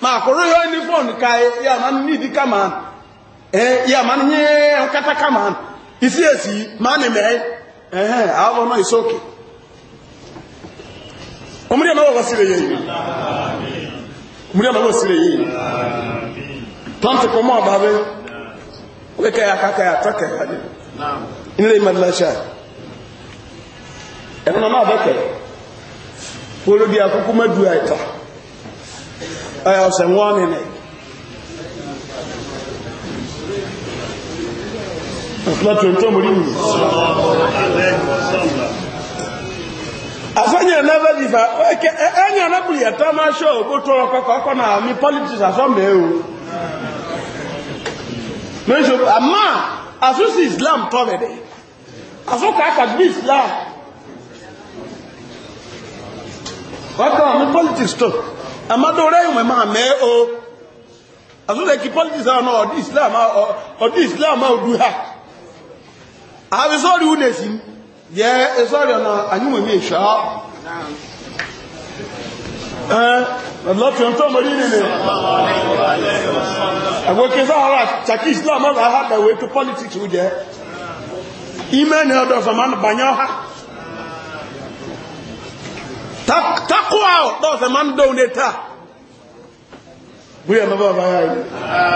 ma kụrụ yo ni phone ka e, ya ma ni di kama e, ya ma ni e, kata kama isi esi man me eh awo no isoke umri ma wa ya yi umri ma wa sire yi tante ko mo babe we ka ya kaka ya take ya ni naam ma madla ẹ̀yà ọ̀sẹ̀ wọ́n nìyẹn láti ọjọ́ mú rí mú afẹ́yìn ẹ̀nẹ́fẹ́ dìfà ẹ̀yìn ẹ̀nẹ́bùrì ẹ̀tọ́ máa ṣọ́ òkú tó ọkọ̀ kọ́kọ́ náà mi politics asọ́mẹ̀ ẹ̀hù mẹ́ṣọ́ àmá àsúsì islam tọ́rẹ̀dẹ̀ àsúkà àkàdé islam ọkọ̀ mi politics tọ́rẹ̀ amadore enwe ma mee o oh. asụleki politiks ahụ na ọdị islam ọdị islam odu ha ahụ sọrọ unu esi m yee sọrọ na anyị nwere esha ee lọtụ ntọ mọrị nile agboke sahara chaki islam ọzọ ha ka wee tụ politiks ụjọ ime na ọdọ ọzọ ma takwa o dɔɔsɛ man dɔw de ba y'a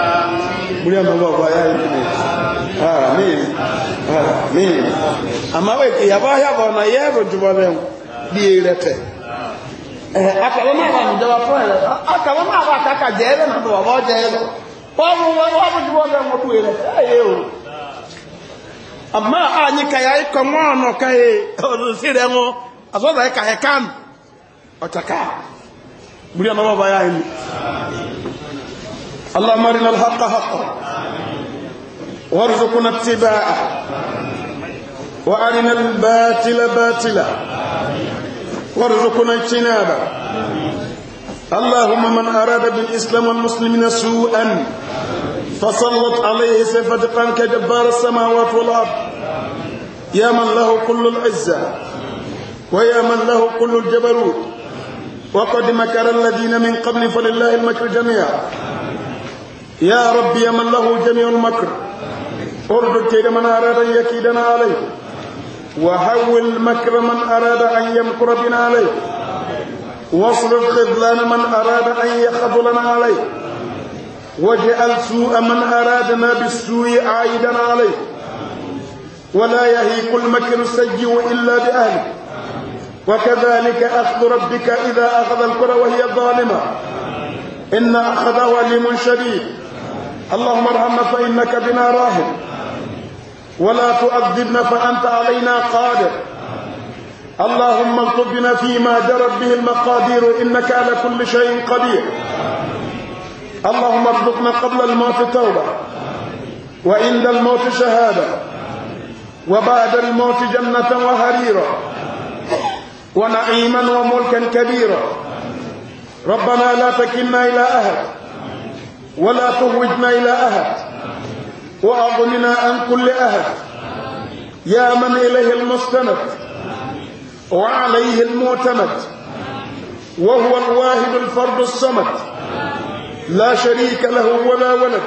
ba y'a amin amin yaba na juba n bi ye yɛrɛ tɛ ɛɛ a kɛlɛ n'a ka nin daba fɔ yɛrɛ a kɛlɛ n'a ta ka jɛ yɛrɛ na dɔrɔn a b'aw jɛ yɛrɛ wɔɔrɔ wɔɔrɔ wɔɔrɔ juba bɛ n ko yɛrɛ tɛ ayi o a ni ka ya e ka e. e ka kan. أتكا مريم بابا يا اللهم أرنا الحق حقا وارزقنا اتباعه وأرنا الباطل باطلا وارزقنا اجتنابه اللهم من أراد بالإسلام والمسلمين سوءا فسلط عليه سيف دقان كجبار السماوات والأرض يا من له كل العزة ويا من له كل الجبروت وقد مكر الذين من قبل فلله المكر جميعا يا رب يا من له جميع المكر اردد كيد من أراد أن يكيدنا عليه وحول مكر من أراد أن يمكر بنا عليه واصرف خذلان من أراد أن يخذلنا عليه واجعل سوء من أرادنا بالسوء عائدا عليه ولا يهيق المكر السيء إلا بأهله وكذلك أخذ ربك إذا أخذ الكرة وهي ظالمة إن أخذه أليم شديد اللهم ارحمنا فإنك بنا راهب ولا تؤذبنا فأنت علينا قادر اللهم اغفر فيما جرت به المقادير إنك على كل شيء قدير اللهم ارزقنا قبل الموت توبة وعند الموت شهادة وبعد الموت جنة وهريرا ونعيما وملكا كبيرا ربنا لا تكلنا إلى أحد ولا تهوجنا إلى أحد وأغننا عن كل أحد يا من إليه المستند وعليه المعتمد وهو الواهب الفرد الصمد لا شريك له ولا ولد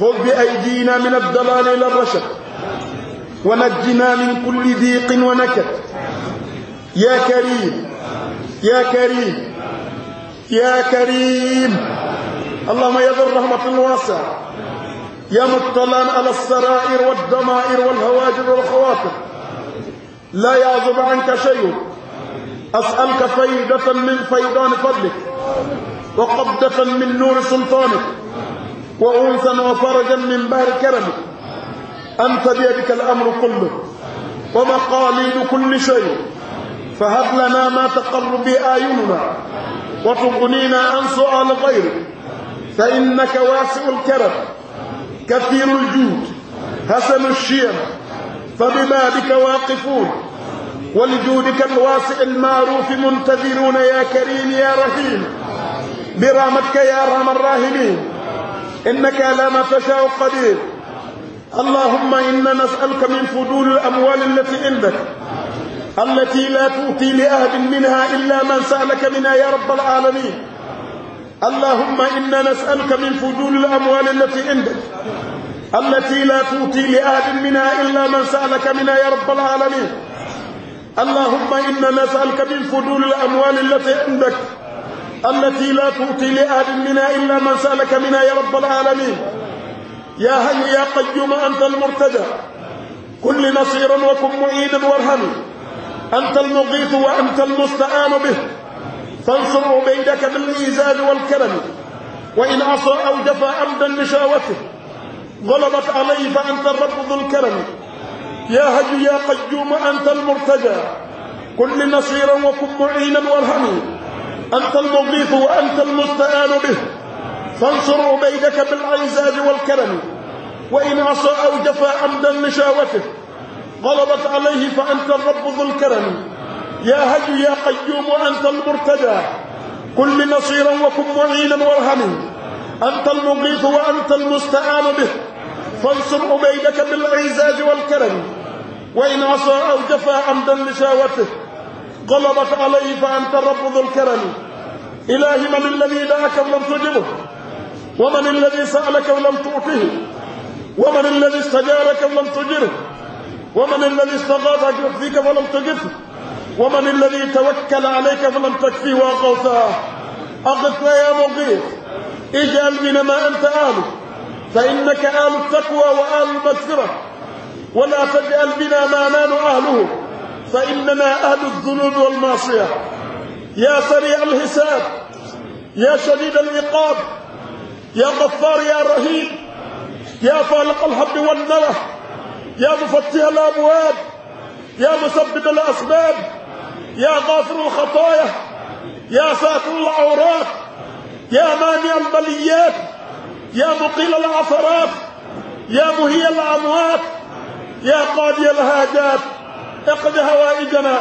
خذ بأيدينا من الضلال إلى الرشد ونجنا من كل ضيق ونكد يا كريم يا كريم يا كريم اللهم يا ذا الرحمة الواسعة يا مطلعا على السرائر والدمائر والهواجر والخواطر لا يعزب عنك شيء أسألك فيدة من فيضان فضلك وقبضة من نور سلطانك وأنثى وفرجا من بهر كرمك أنت بيدك الأمر كله ومقاليد كل شيء فهب لنا ما تقر به اعيننا وتغنينا عن سؤال غيرك فانك واسع الكرم كثير الجود حسن الشيم فببابك واقفون ولجودك الواسع المعروف منتظرون يا كريم يا رحيم برحمتك يا ارحم الراحمين انك على ما تشاء قدير اللهم انا نسالك من فضول الاموال التي عندك التي لا تؤتي لأهد منها إلا من سألك منها يا رب العالمين اللهم إنا نسألك من فجول الأموال التي عندك التي لا تؤتي لأهد منها إلا من سألك منها يا رب العالمين اللهم إنا نسألك من فجول الأموال التي عندك التي لا تؤتي لأهد منها إلا من سألك منها يا رب العالمين يا هل يا قيوم أنت المرتجى كل نصيرا وكن معينا وارهمي أنت المغيث وأنت المستعان به فانصر عبيدك بالميزان والكرم وإن عصى أو جفى عمدا لشاوته غلبت عليه فأنت الرب ذو الكرم يا هج يا قيوم أنت المرتجى كن نصيرا وكن معينا وارحمي أنت المغيث وأنت المستعان به فانصر عبيدك بالعزاز والكرم وإن عصى أو جفى عمدا لشاوته غلبت عليه فأنت الرب ذو الكرم يا هج يا قيوم أنت المرتدى كن لي نصيرا وكن معينا وارهمي أنت المغيث وأنت المستعان به فانصر عبيدك بالعزاز والكرم وإن عصى أو جفى عمدا لشاوته غلبت عليه فأنت الرب ذو الكرم إلهي من الذي دعك ولم تجبه ومن الذي سألك ولم تؤته ومن الذي استجارك ولم تجره ومن الذي استغاثك فيك فلم تجفه ومن الذي توكل عليك فلم تكفيه وأغوثاه أغثنا يا مغيث اجعل من ما أنت آل فإنك آل التقوى وآل المغفرة ولا تجعل بنا ما نال أهله فإننا أهل الذنوب والمعصية يا سريع الحساب يا شديد العقاب يا غفار يا رهيب يا فالق الحب والنوى يا مفتح الأبواب يا مسبب الأسباب يا غافر الخطايا يا ساتر العورات يا مانع البليات يا مقيل العثرات يا مهي الأموات يا قاضي الهاجات اقض هوائجنا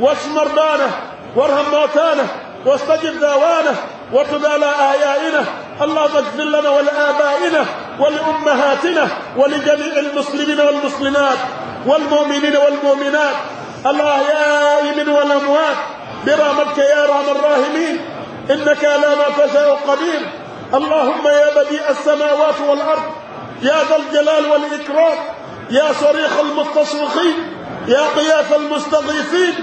واشمر مرضانا وارحم موتانا واستجب دعوانا وتبالى على آيائنا الله اغفر لنا ولآبائنا ولأمهاتنا ولجميع المسلمين والمسلمات والمؤمنين والمؤمنات الأحياء من والأموات برحمتك يا أرحم الراحمين إنك على ما تشاء قدير اللهم يا بديع السماوات والأرض يا ذا الجلال والإكرام يا صريخ المستصرخين يا قياس المستضيفين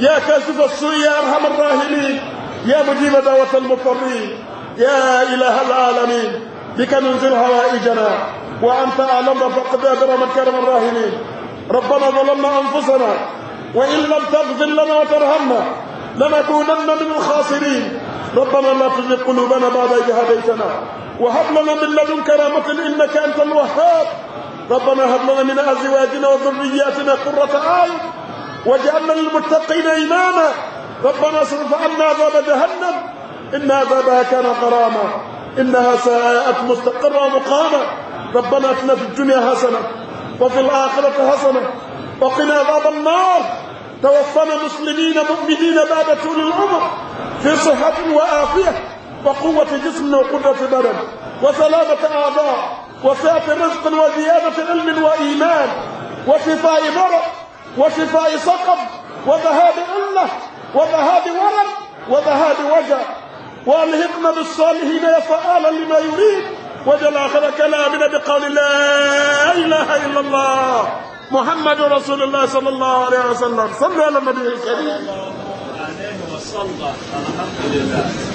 يا كاشف السوء يا أرحم الراحمين يا مجيب دعوة المضطرين يا إله العالمين بك ننزل هوائجنا وأنت أعلم فقد أدرى من كان ربنا ظلمنا أنفسنا وإن لم تغفر لنا وترهمنا لنكونن من الخاسرين ربنا لا تزغ قلوبنا بعد إذ هديتنا وهب لنا من لدنك رحمة إنك أنت الوهاب ربنا هب لنا من أزواجنا وذرياتنا قرة أعين واجعلنا للمتقين إماما ربنا اصرف عنا عذاب جهنم إن عذابها كان غراما إنها ساءت مستقرا مقاما ربنا اتنا في الدنيا حسنة وفي الآخرة حسنة وقنا عذاب النار توفنا مسلمين مؤمنين بعد طول العمر في صحة وآفية وقوة جسم وقدرة بدن وسلامة أعضاء وسعة رزق وزيادة علم وإيمان وشفاء مرض وشفاء سقم وذهاب أمة وذهاب ورم وذهاب وجع والهقم بالصالحين يفعالا لما يريد وجل اخر كلامنا بقول لا اله الا الله محمد رسول الله صلى الله عليه وسلم صلى الله عليه وسلم صلى الله عليه وسلم الحمد لله